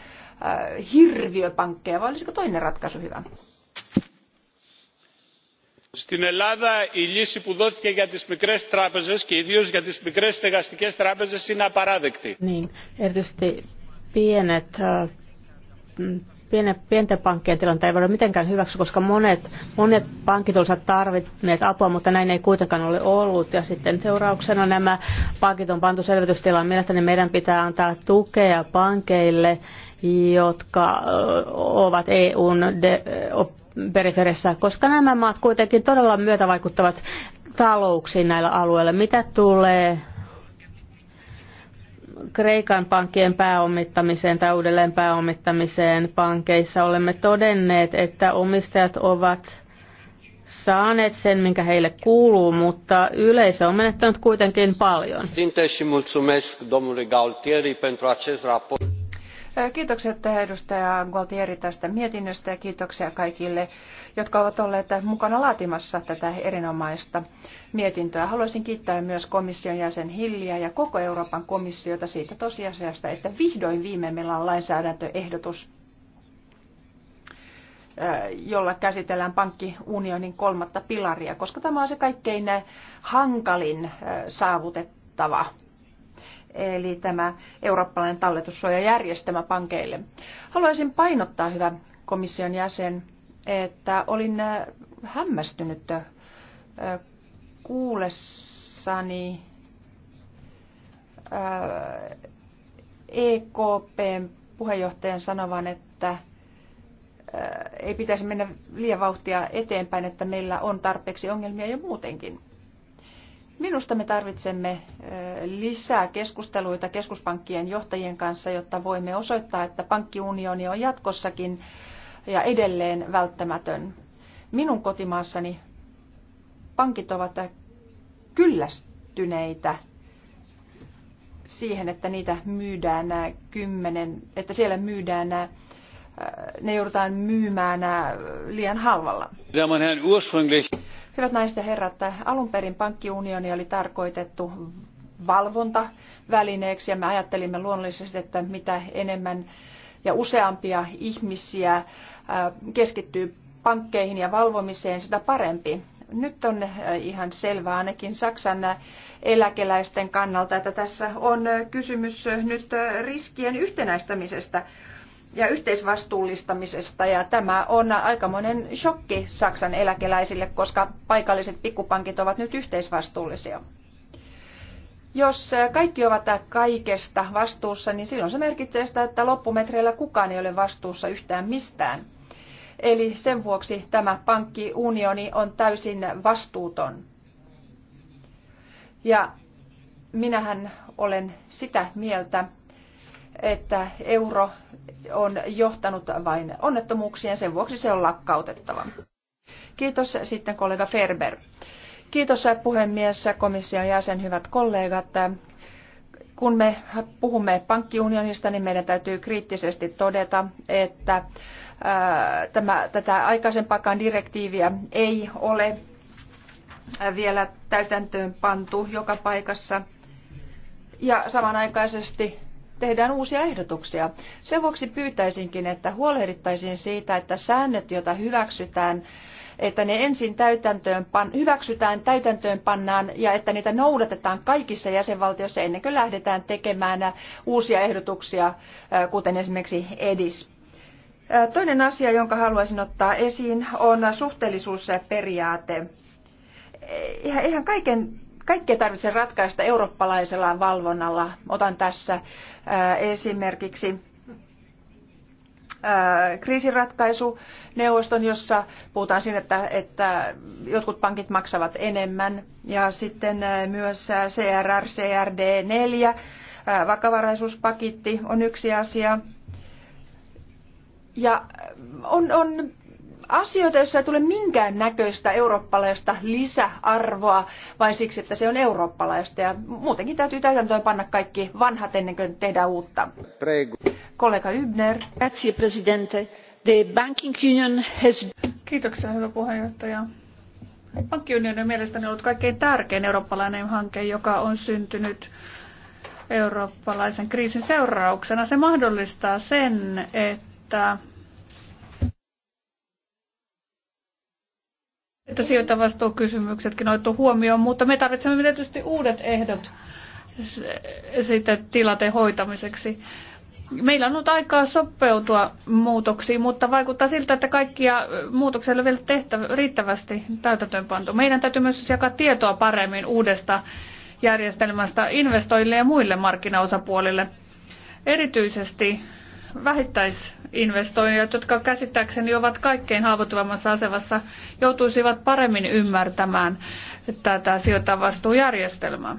hirviöpankkeja, vai olisiko toinen ratkaisu hyvä? Στην Ελλάδα η λύση που δόθηκε για τις μικρές τράπεζες και ιδίως για τις μικρές στεγαστικές τράπεζες είναι απαράδεκτη. Niin, erityisesti pienet pienen, pienten pankkien tilannetta ei voida mitenkään hyväksyä, koska monet, monet pankit olisivat tarvinneet apua, mutta näin ei kuitenkaan ole ollut. Ja sitten seurauksena nämä pankit on pantu selvitystilaan. Mielestäni meidän pitää antaa tukea pankeille, jotka ovat EUn de, periferissä, koska nämä maat kuitenkin todella myötävaikuttavat talouksiin näillä alueilla. Mitä tulee Kreikan pankkien pääomittamiseen tai uudelleen pääomittamiseen pankeissa olemme todenneet, että omistajat ovat saaneet sen, minkä heille kuuluu, mutta yleisö on menettänyt kuitenkin paljon. Kiitokset edustaja Gualtieri tästä mietinnöstä ja kiitoksia kaikille, jotka ovat olleet mukana laatimassa tätä erinomaista mietintöä. Haluaisin kiittää myös komission jäsen Hilliä ja koko Euroopan komissiota siitä tosiasiasta, että vihdoin viimein meillä on lainsäädäntöehdotus jolla käsitellään pankkiunionin kolmatta pilaria, koska tämä on se kaikkein hankalin saavutettava eli tämä eurooppalainen talletussuojajärjestelmä pankeille. Haluaisin painottaa, hyvä komission jäsen, että olin äh, hämmästynyt äh, kuulessani äh, EKPn puheenjohtajan sanovan, että ei pitäisi mennä liian vauhtia eteenpäin, että meillä on tarpeeksi ongelmia jo muutenkin. Minusta me tarvitsemme lisää keskusteluita keskuspankkien johtajien kanssa, jotta voimme osoittaa, että pankkiunioni on jatkossakin ja edelleen välttämätön. Minun kotimaassani pankit ovat kyllästyneitä siihen, että niitä myydään kymmenen, että siellä myydään ne joudutaan myymään liian halvalla. Hyvät naiset ja herrat, alun perin pankkiunioni oli tarkoitettu valvontavälineeksi ja me ajattelimme luonnollisesti, että mitä enemmän ja useampia ihmisiä keskittyy pankkeihin ja valvomiseen, sitä parempi. Nyt on ihan selvää ainakin Saksan eläkeläisten kannalta, että tässä on kysymys nyt riskien yhtenäistämisestä ja yhteisvastuullistamisesta ja tämä on aikamoinen shokki Saksan eläkeläisille, koska paikalliset pikkupankit ovat nyt yhteisvastuullisia. Jos kaikki ovat kaikesta vastuussa, niin silloin se merkitsee sitä, että loppumetreillä kukaan ei ole vastuussa yhtään mistään. Eli sen vuoksi tämä pankkiunioni on täysin vastuuton. Ja minähän olen sitä mieltä, että euro on johtanut vain onnettomuuksien, sen vuoksi se on lakkautettava. Kiitos sitten kollega Ferber. Kiitos puhemies, komission jäsen, hyvät kollegat. Kun me puhumme pankkiunionista, niin meidän täytyy kriittisesti todeta, että tämä, tätä aikaisempaakaan direktiiviä ei ole vielä täytäntöön pantu joka paikassa. Ja samanaikaisesti tehdään uusia ehdotuksia. Sen vuoksi pyytäisinkin, että huolehdittaisiin siitä, että säännöt, joita hyväksytään, että ne ensin täytäntöön pan, hyväksytään, täytäntöön pannaan ja että niitä noudatetaan kaikissa jäsenvaltioissa ennen kuin lähdetään tekemään uusia ehdotuksia, kuten esimerkiksi EDIS. Toinen asia, jonka haluaisin ottaa esiin, on suhteellisuusperiaate. Eihän kaiken kaikkea tarvitse ratkaista eurooppalaisella valvonnalla. Otan tässä äh, esimerkiksi äh, kriisinratkaisuneuvoston, jossa puhutaan siitä, että, että jotkut pankit maksavat enemmän. Ja sitten äh, myös CRR, CRD4, vakavaraisuuspaketti on yksi asia. Ja on, on asioita, joissa ei tule minkään näköistä eurooppalaista lisäarvoa, vain siksi, että se on eurooppalaista. Ja muutenkin täytyy täytäntöön panna kaikki vanhat ennen kuin tehdään uutta. Prego. Kollega Ybner. Grazie, presidente. The banking union has... Kiitoksia, hyvä puheenjohtaja. Pankkiunioni on mielestäni ollut kaikkein tärkein eurooppalainen hanke, joka on syntynyt eurooppalaisen kriisin seurauksena. Se mahdollistaa sen, että että sijoitavastuukysymyksetkin on otettu huomioon, mutta me tarvitsemme tietysti uudet ehdot sitten tilanteen hoitamiseksi. Meillä on ollut aikaa sopeutua muutoksiin, mutta vaikuttaa siltä, että kaikkia muutoksia ei ole vielä tehtävä, riittävästi täytäntöönpantu. Meidän täytyy myös siis jakaa tietoa paremmin uudesta järjestelmästä investoille ja muille markkinaosapuolille. Erityisesti vähittäisinvestoijat, jotka käsittääkseni ovat kaikkein haavoittuvammassa asemassa, joutuisivat paremmin ymmärtämään tätä sijoittajavastuujärjestelmää.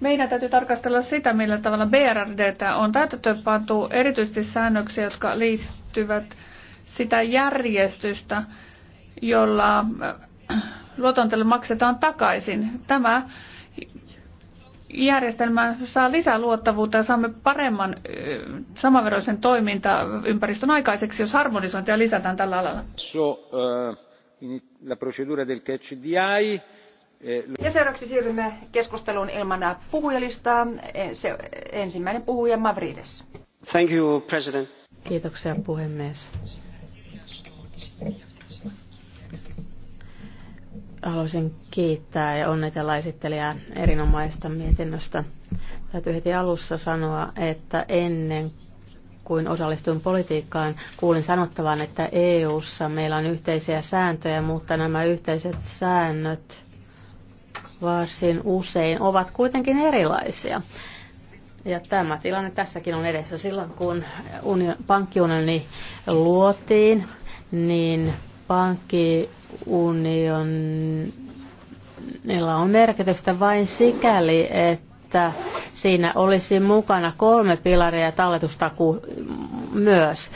Meidän täytyy tarkastella sitä, millä tavalla BRD on täytäntöönpantu erityisesti säännöksiä, jotka liittyvät sitä järjestystä, jolla luotonteille maksetaan takaisin. Tämä järjestelmä saa lisää luottavuutta ja saamme paremman samanveroisen toimintaympäristön aikaiseksi, jos harmonisointia lisätään tällä alalla. So, uh, la procedura del catch DI. E, ja seuraavaksi siirrymme keskusteluun ilman puhujalistaa. E, se, ensimmäinen puhuja Mavrides. Thank you, President. Kiitoksia puhemies. Haluaisin kiittää ja onnitella esittelijää erinomaista mietinnöstä. Täytyy heti alussa sanoa, että ennen kuin osallistuin politiikkaan, kuulin sanottavan, että EU:ssa meillä on yhteisiä sääntöjä, mutta nämä yhteiset säännöt varsin usein ovat kuitenkin erilaisia. Ja tämä tilanne tässäkin on edessä. Silloin kun union, pankkiunioni luotiin, niin pankkiunionilla on merkitystä vain sikäli, että siinä olisi mukana kolme pilaria talletustaku myös.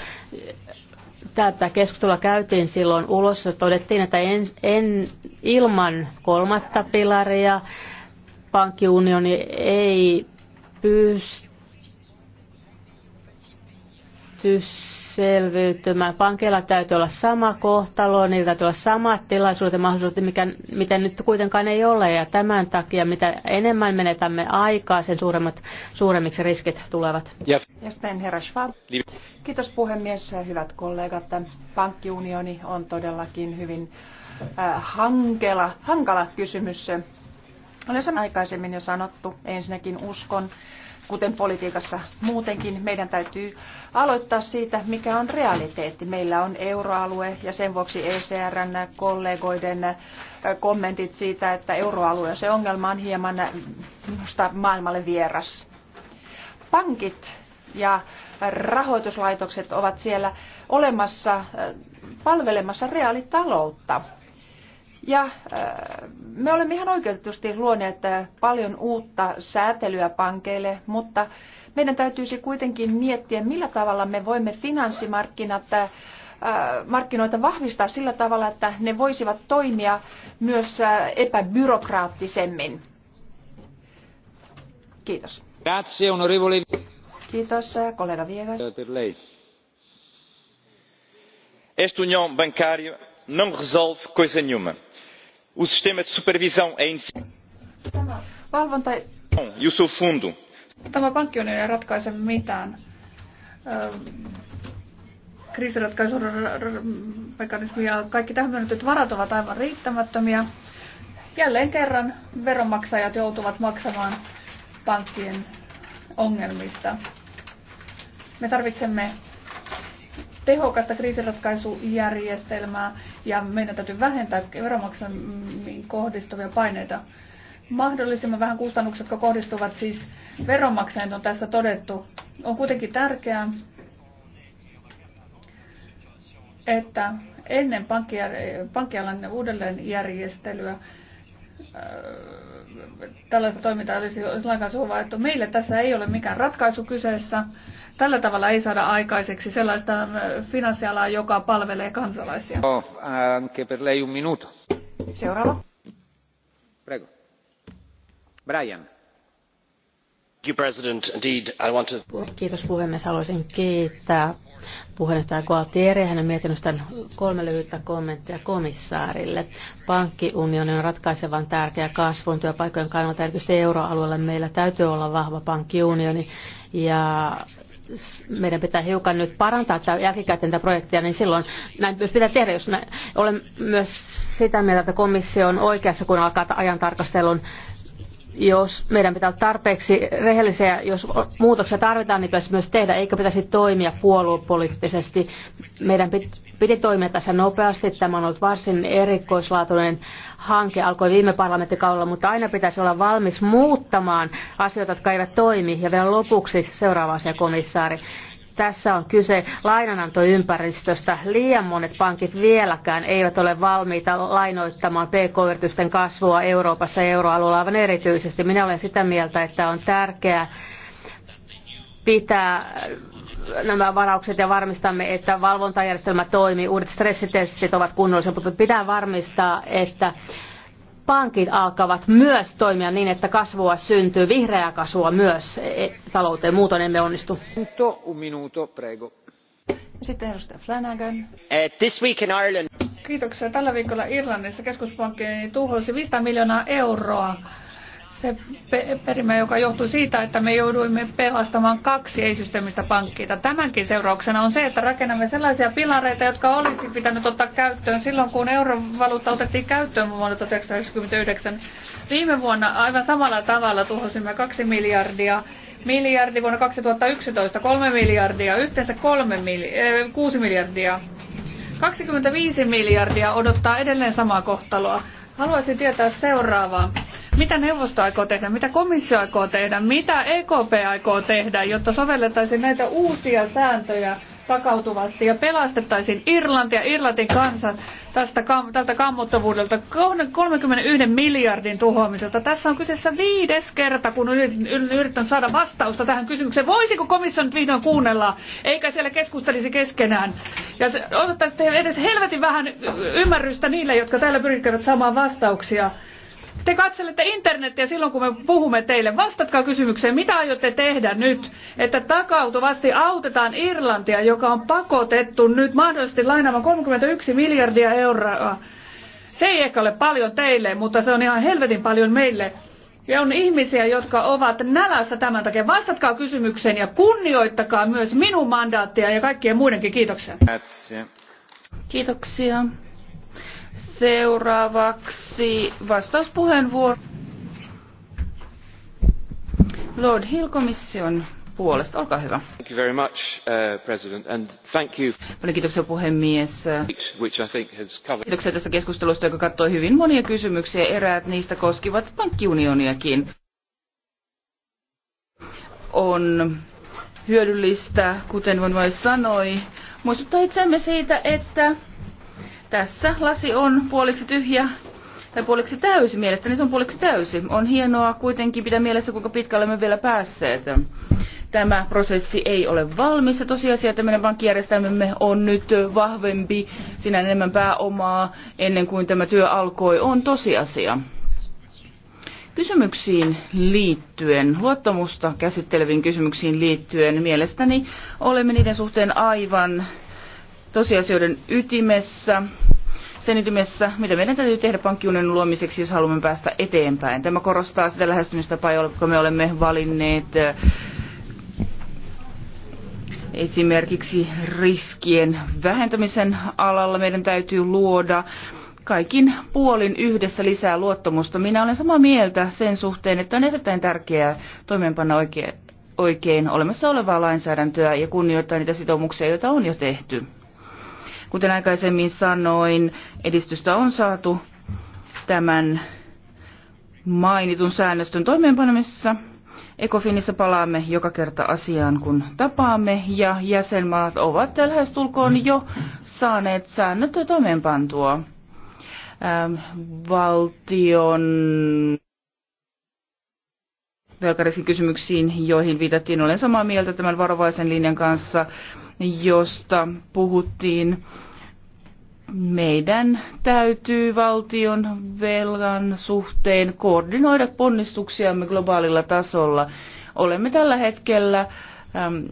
Tätä keskustelua käytiin silloin ulos ja todettiin, että en, en, ilman kolmatta pilaria pankkiunioni ei pysty pysty selviytymään. Pankeilla täytyy olla sama kohtalo, niillä täytyy olla samat tilaisuudet ja mahdollisuudet, mikä, mitä nyt kuitenkaan ei ole. Ja tämän takia, mitä enemmän menetämme aikaa, sen suuremmat, suuremmiksi riskit tulevat. Ja sitten herra Schwab. Kiitos puhemies, hyvät kollegat. Pankkiunioni on todellakin hyvin äh, hankela, hankala kysymys. Olen sen aikaisemmin jo sanottu. Ensinnäkin uskon, kuten politiikassa muutenkin, meidän täytyy aloittaa siitä, mikä on realiteetti. Meillä on euroalue ja sen vuoksi ECRn kollegoiden äh, kommentit siitä, että euroalue se ongelma on hieman äh, minusta maailmalle vieras. Pankit ja rahoituslaitokset ovat siellä olemassa äh, palvelemassa reaalitaloutta. Ja äh, me olemme ihan oikeutetusti luoneet äh, paljon uutta säätelyä pankeille, mutta meidän täytyisi kuitenkin miettiä, millä tavalla me voimme finanssimarkkinat äh, markkinoita vahvistaa sillä tavalla, että ne voisivat toimia myös epäbyrokraattisemmin. Kiitos. Grazie, onorevole. Kiitos, kollega Viegas. Este união bancária não resolve coisa nenhuma o sistema de supervisão é Valvonta... E o seu fundo. Tämä pankkiunioni ei ratkaise mitään. Ähm, Kriisiratkaisumekanismi ja kaikki tähän myönnetyt varat ovat aivan riittämättömiä. Jälleen kerran veronmaksajat joutuvat maksamaan pankkien ongelmista. Me tarvitsemme tehokasta kriisiratkaisujärjestelmää ja meidän täytyy vähentää veronmaksamiin kohdistuvia paineita. Mahdollisimman vähän kustannukset, jotka kohdistuvat siis veronmaksajien, on tässä todettu. On kuitenkin tärkeää, että ennen pankkialan uudelleenjärjestelyä äh, tällaista toimintaa olisi lainkaan suvaittu. Meille tässä ei ole mikään ratkaisu kyseessä, Tällä tavalla ei saada aikaiseksi sellaista ähm, finanssialaa, joka palvelee kansalaisia. No, Seuraava. Prego. Brian. Kiitos puhemies. Haluaisin kiittää puheenjohtaja Gualtieri hänen mietinnöstään kolme lyhyttä kommenttia komissaarille. Pankkiunioni on ratkaisevan tärkeä kasvun työpaikkojen kannalta, erityisesti euroalueella Meillä täytyy olla vahva pankkiunioni ja meidän pitää hiukan nyt parantaa tämä jälkikäteen tätä projektia, niin silloin näin myös pitää tehdä, jos olen myös sitä mieltä, että komissio on oikeassa, kun alkaa ajan tarkastelun jos meidän pitää olla tarpeeksi rehellisiä, jos muutoksia tarvitaan, niin pitäisi myös tehdä, eikä pitäisi toimia puoluepoliittisesti. Meidän piti toimia tässä nopeasti. Tämä on ollut varsin erikoislaatuinen hanke, alkoi viime parlamenttikaudella, mutta aina pitäisi olla valmis muuttamaan asioita, jotka eivät toimi. Ja vielä lopuksi seuraava asia, komissaari tässä on kyse lainanantoympäristöstä. Liian monet pankit vieläkään eivät ole valmiita lainoittamaan pk-yritysten kasvua Euroopassa ja euroalueella aivan erityisesti. Minä olen sitä mieltä, että on tärkeää pitää nämä varaukset ja varmistamme, että valvontajärjestelmä toimii. Uudet stressitestit ovat kunnollisia, mutta pitää varmistaa, että pankit alkavat myös toimia niin, että kasvua syntyy, vihreää kasvua myös e, e, talouteen. Muutoin emme onnistu. Minuto, prego. Sitten edustaja Flanagan. Eh, this week in Ireland. Kiitoksia. Tällä viikolla Irlannissa keskuspankki tuhosi 500 miljoonaa euroa se perimä, joka johtui siitä, että me jouduimme pelastamaan kaksi ei-systeemistä pankkiita. Tämänkin seurauksena on se, että rakennamme sellaisia pilareita, jotka olisi pitänyt ottaa käyttöön silloin, kun eurovaluutta otettiin käyttöön vuonna 1999. Viime vuonna aivan samalla tavalla tuhosimme kaksi miljardia miljardi vuonna 2011, kolme miljardia, yhteensä kolme eh, miljardia, 6 miljardia. 25 miljardia odottaa edelleen samaa kohtaloa. Haluaisin tietää seuraavaa. Mitä neuvosto aikoo tehdä, mitä komissio aikoo tehdä, mitä EKP aikoo tehdä, jotta sovellettaisiin näitä uusia sääntöjä takautuvasti ja pelastettaisiin Irlanti ja Irlantin kansa tästä, tältä kammottavuudelta 31 miljardin tuhoamiselta. Tässä on kyseessä viides kerta, kun yritän saada vastausta tähän kysymykseen. Voisiko komissio nyt vihdoin kuunnella, eikä siellä keskustelisi keskenään? Ja osoittaisitte edes helvetin vähän ymmärrystä niille, jotka täällä pyrkivät saamaan vastauksia. Te katselette internetiä silloin, kun me puhumme teille. Vastatkaa kysymykseen, mitä aiotte tehdä nyt, että takautuvasti autetaan Irlantia, joka on pakotettu nyt mahdollisesti lainaamaan 31 miljardia euroa. Se ei ehkä ole paljon teille, mutta se on ihan helvetin paljon meille. Ja on ihmisiä, jotka ovat nälässä tämän takia. Vastatkaa kysymykseen ja kunnioittakaa myös minun mandaattia ja kaikkien muidenkin. Kiitoksia. Kiitoksia. Seuraavaksi vastauspuheenvuoro. Lord Hill komission puolesta. Olkaa hyvä. Thank you very much, uh, President, and thank you. Paljon kiitoksia puhemies. Which I think has covered... Kiitoksia tästä keskustelusta, joka kattoi hyvin monia kysymyksiä. Eräät niistä koskivat pankkiunioniakin. On hyödyllistä, kuten voin vain sanoi, muistuttaa itseämme siitä, että tässä lasi on puoliksi tyhjä tai puoliksi täysi mielestäni, se on puoliksi täysi. On hienoa kuitenkin pitää mielessä, kuinka pitkälle me vielä päässeet. Tämä prosessi ei ole valmis ja tosiasia, että meidän pankkijärjestelmämme on nyt vahvempi, sinä enemmän pääomaa ennen kuin tämä työ alkoi, on tosiasia. Kysymyksiin liittyen, luottamusta käsitteleviin kysymyksiin liittyen, mielestäni olemme niiden suhteen aivan tosiasioiden ytimessä, sen ytimessä, mitä meidän täytyy tehdä pankkiunen luomiseksi, jos haluamme päästä eteenpäin. Tämä korostaa sitä lähestymistapaa, jonka me olemme valinneet eh, esimerkiksi riskien vähentämisen alalla. Meidän täytyy luoda kaikin puolin yhdessä lisää luottamusta. Minä olen samaa mieltä sen suhteen, että on erittäin tärkeää toimeenpanna oikein, oikein olemassa olevaa lainsäädäntöä ja kunnioittaa niitä sitoumuksia, joita on jo tehty. Kuten aikaisemmin sanoin, edistystä on saatu tämän mainitun säännöstön toimeenpanemisessa. Ekofinissa palaamme joka kerta asiaan, kun tapaamme, ja jäsenmaat ovat tulkoon jo saaneet säännöt toimeenpantua. Ähm, valtion velkariskin kysymyksiin, joihin viitattiin, olen samaa mieltä tämän varovaisen linjan kanssa josta puhuttiin. Meidän täytyy valtion velan suhteen koordinoida ponnistuksiamme globaalilla tasolla. Olemme tällä hetkellä äm,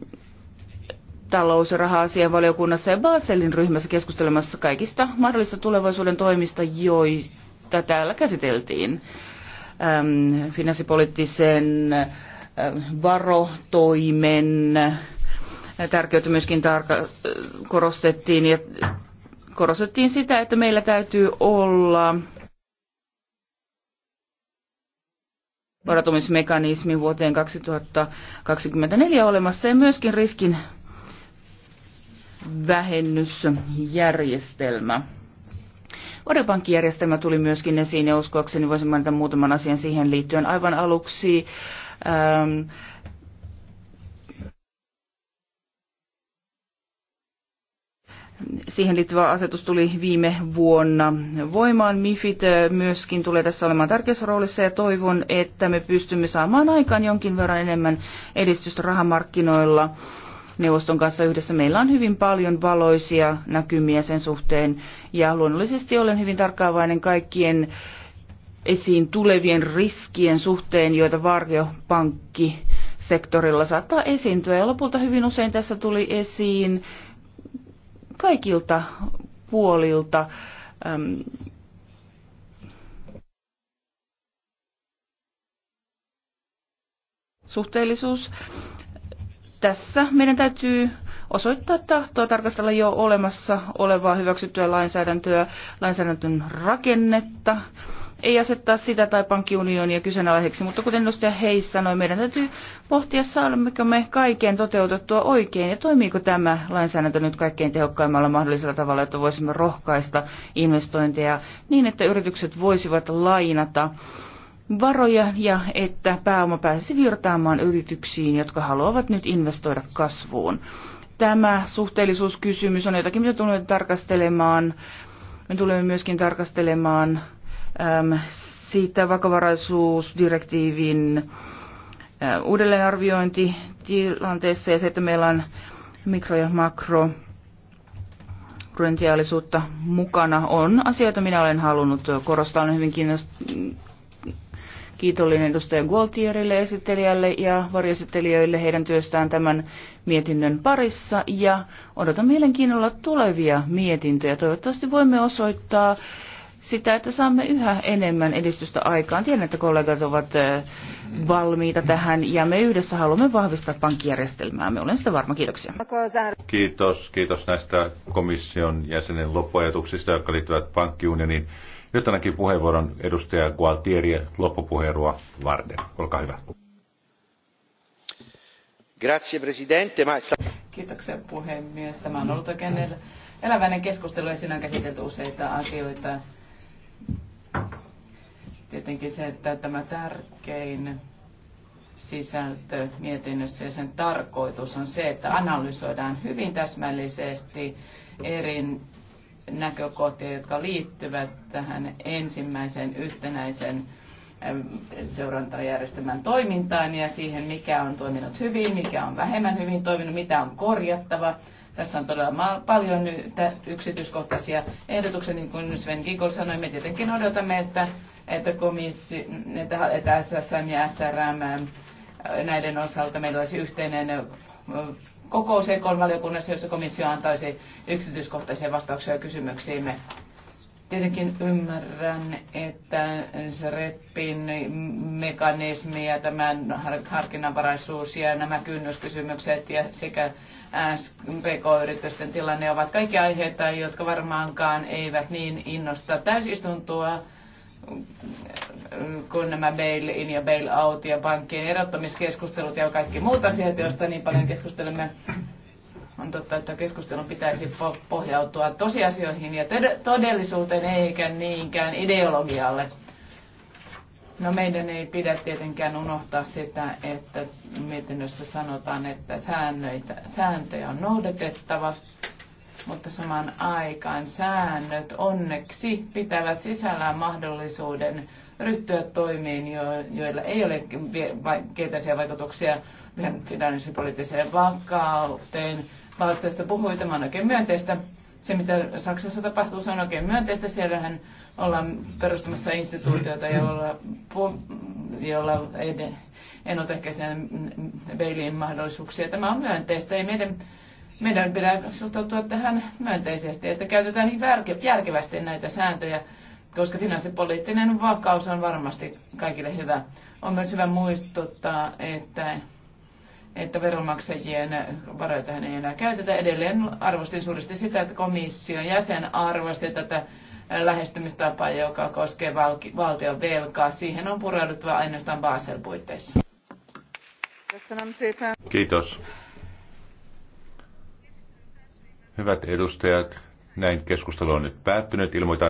talous- ja raha-asian valiokunnassa ja Baselin ryhmässä keskustelemassa kaikista mahdollisista tulevaisuuden toimista, joita täällä käsiteltiin. Äm, finanssipoliittisen äm, varotoimen tärkeyttä myöskin tarka- korostettiin ja korostettiin sitä, että meillä täytyy olla varautumismekanismi vuoteen 2024 olemassa ja myöskin riskin vähennysjärjestelmä. Varjopankkijärjestelmä tuli myöskin esiin ja uskoakseni voisin mainita muutaman asian siihen liittyen. Aivan aluksi ähm, Siihen liittyvä asetus tuli viime vuonna voimaan. Mifit myöskin tulee tässä olemaan tärkeässä roolissa ja toivon, että me pystymme saamaan aikaan jonkin verran enemmän edistystä rahamarkkinoilla. Neuvoston kanssa yhdessä meillä on hyvin paljon valoisia näkymiä sen suhteen ja luonnollisesti olen hyvin tarkkaavainen kaikkien esiin tulevien riskien suhteen, joita varjopankki sektorilla saattaa esiintyä. Ja lopulta hyvin usein tässä tuli esiin kaikilta puolilta. Ähm, suhteellisuus. Tässä meidän täytyy osoittaa tahtoa tarkastella jo olemassa olevaa hyväksyttyä lainsäädäntöä, lainsäädäntön rakennetta, ei asettaa sitä tai pankkiunionia kyseenalaiseksi, mutta kuten nostaja Hei sanoi, meidän täytyy pohtia, saammeko me kaiken toteutettua oikein ja toimiiko tämä lainsäädäntö nyt kaikkein tehokkaimmalla mahdollisella tavalla, että voisimme rohkaista investointeja niin, että yritykset voisivat lainata varoja ja että pääoma pääsisi virtaamaan yrityksiin, jotka haluavat nyt investoida kasvuun. Tämä suhteellisuuskysymys on jotakin, mitä tulemme tarkastelemaan. Me tulemme myöskin tarkastelemaan siitä vakavaraisuusdirektiivin äh, uudelleenarviointi tilanteessa ja se, että meillä on mikro- ja makro mukana on jota minä olen halunnut korostaa. Olen hyvin kiinnost- kiitollinen edustaja Gualtierille, esittelijälle ja varjoesittelijöille heidän työstään tämän mietinnön parissa ja odotan mielenkiinnolla tulevia mietintöjä. Toivottavasti voimme osoittaa sitä, että saamme yhä enemmän edistystä aikaan. Tiedän, että kollegat ovat eh, valmiita tähän ja me yhdessä haluamme vahvistaa pankkijärjestelmää. Me olen sitä varma. Kiitoksia. Kiitos. Kiitos näistä komission jäsenen loppuajatuksista, jotka liittyvät pankkiunioniin. Nyt ainakin puheenvuoron edustaja Gualtieri loppupuheenvuoroa varten. Olkaa hyvä. Grazie, presidente. Kiitoksia puhemies. Tämä on ollut oikein eläväinen keskustelu ja siinä on käsitelty useita asioita tietenkin se, että tämä tärkein sisältö mietinnössä ja sen tarkoitus on se, että analysoidaan hyvin täsmällisesti eri näkökohtia, jotka liittyvät tähän ensimmäiseen yhtenäisen ähm, seurantajärjestelmän toimintaan ja siihen, mikä on toiminut hyvin, mikä on vähemmän hyvin toiminut, mitä on korjattava tässä on todella paljon nyt yksityiskohtaisia ehdotuksia, niin kuin Sven Gigol sanoi. Me tietenkin odotamme, että, että, komissi, että, että SSM ja SRM näiden osalta meillä olisi yhteinen kokous EKon valiokunnassa, jossa komissio antaisi yksityiskohtaisia vastauksia kysymyksiimme. Tietenkin ymmärrän, että SREPin mekanismi ja tämän harkinnanvaraisuus ja nämä kynnyskysymykset ja sekä PK-yritysten tilanne ovat kaikki aiheita, jotka varmaankaan eivät niin innosta täysistuntoa kun nämä bail-in ja bail-out ja pankkien erottamiskeskustelut ja kaikki muut asiat, joista niin paljon keskustelemme. On totta, että keskustelun pitäisi pohjautua tosiasioihin ja todellisuuteen eikä niinkään ideologialle. No meidän ei pidä tietenkään unohtaa sitä, että mietinnössä sanotaan, että säännöitä, sääntöjä on noudatettava, mutta samaan aikaan säännöt onneksi pitävät sisällään mahdollisuuden ryhtyä toimiin, joilla ei ole kielteisiä vaikutuksia finanssipoliittiseen vakauteen. Valtiosta puhui, tämä on oikein myönteistä. Se, mitä Saksassa tapahtuu, se on oikein myönteistä. Siellähän ollaan perustamassa instituutioita, mm-hmm. jolla, jolla ennaltaehkäisään veiliin mahdollisuuksia. Tämä on myönteistä. Ei meidän, meidän pidä suhtautua tähän myönteisesti, että käytetään niin järkevästi näitä sääntöjä, koska finanssipoliittinen vakaus on varmasti kaikille hyvä. On myös hyvä muistuttaa, että että veronmaksajien varoja tähän ei enää käytetä. Edelleen arvostin suuresti sitä, että komission jäsen arvosti tätä lähestymistapa, joka koskee valtion velkaa. Siihen on pureuduttava ainoastaan Basel-puitteissa. Kiitos. Hyvät edustajat, näin keskustelu on nyt päättynyt. Ilmoitan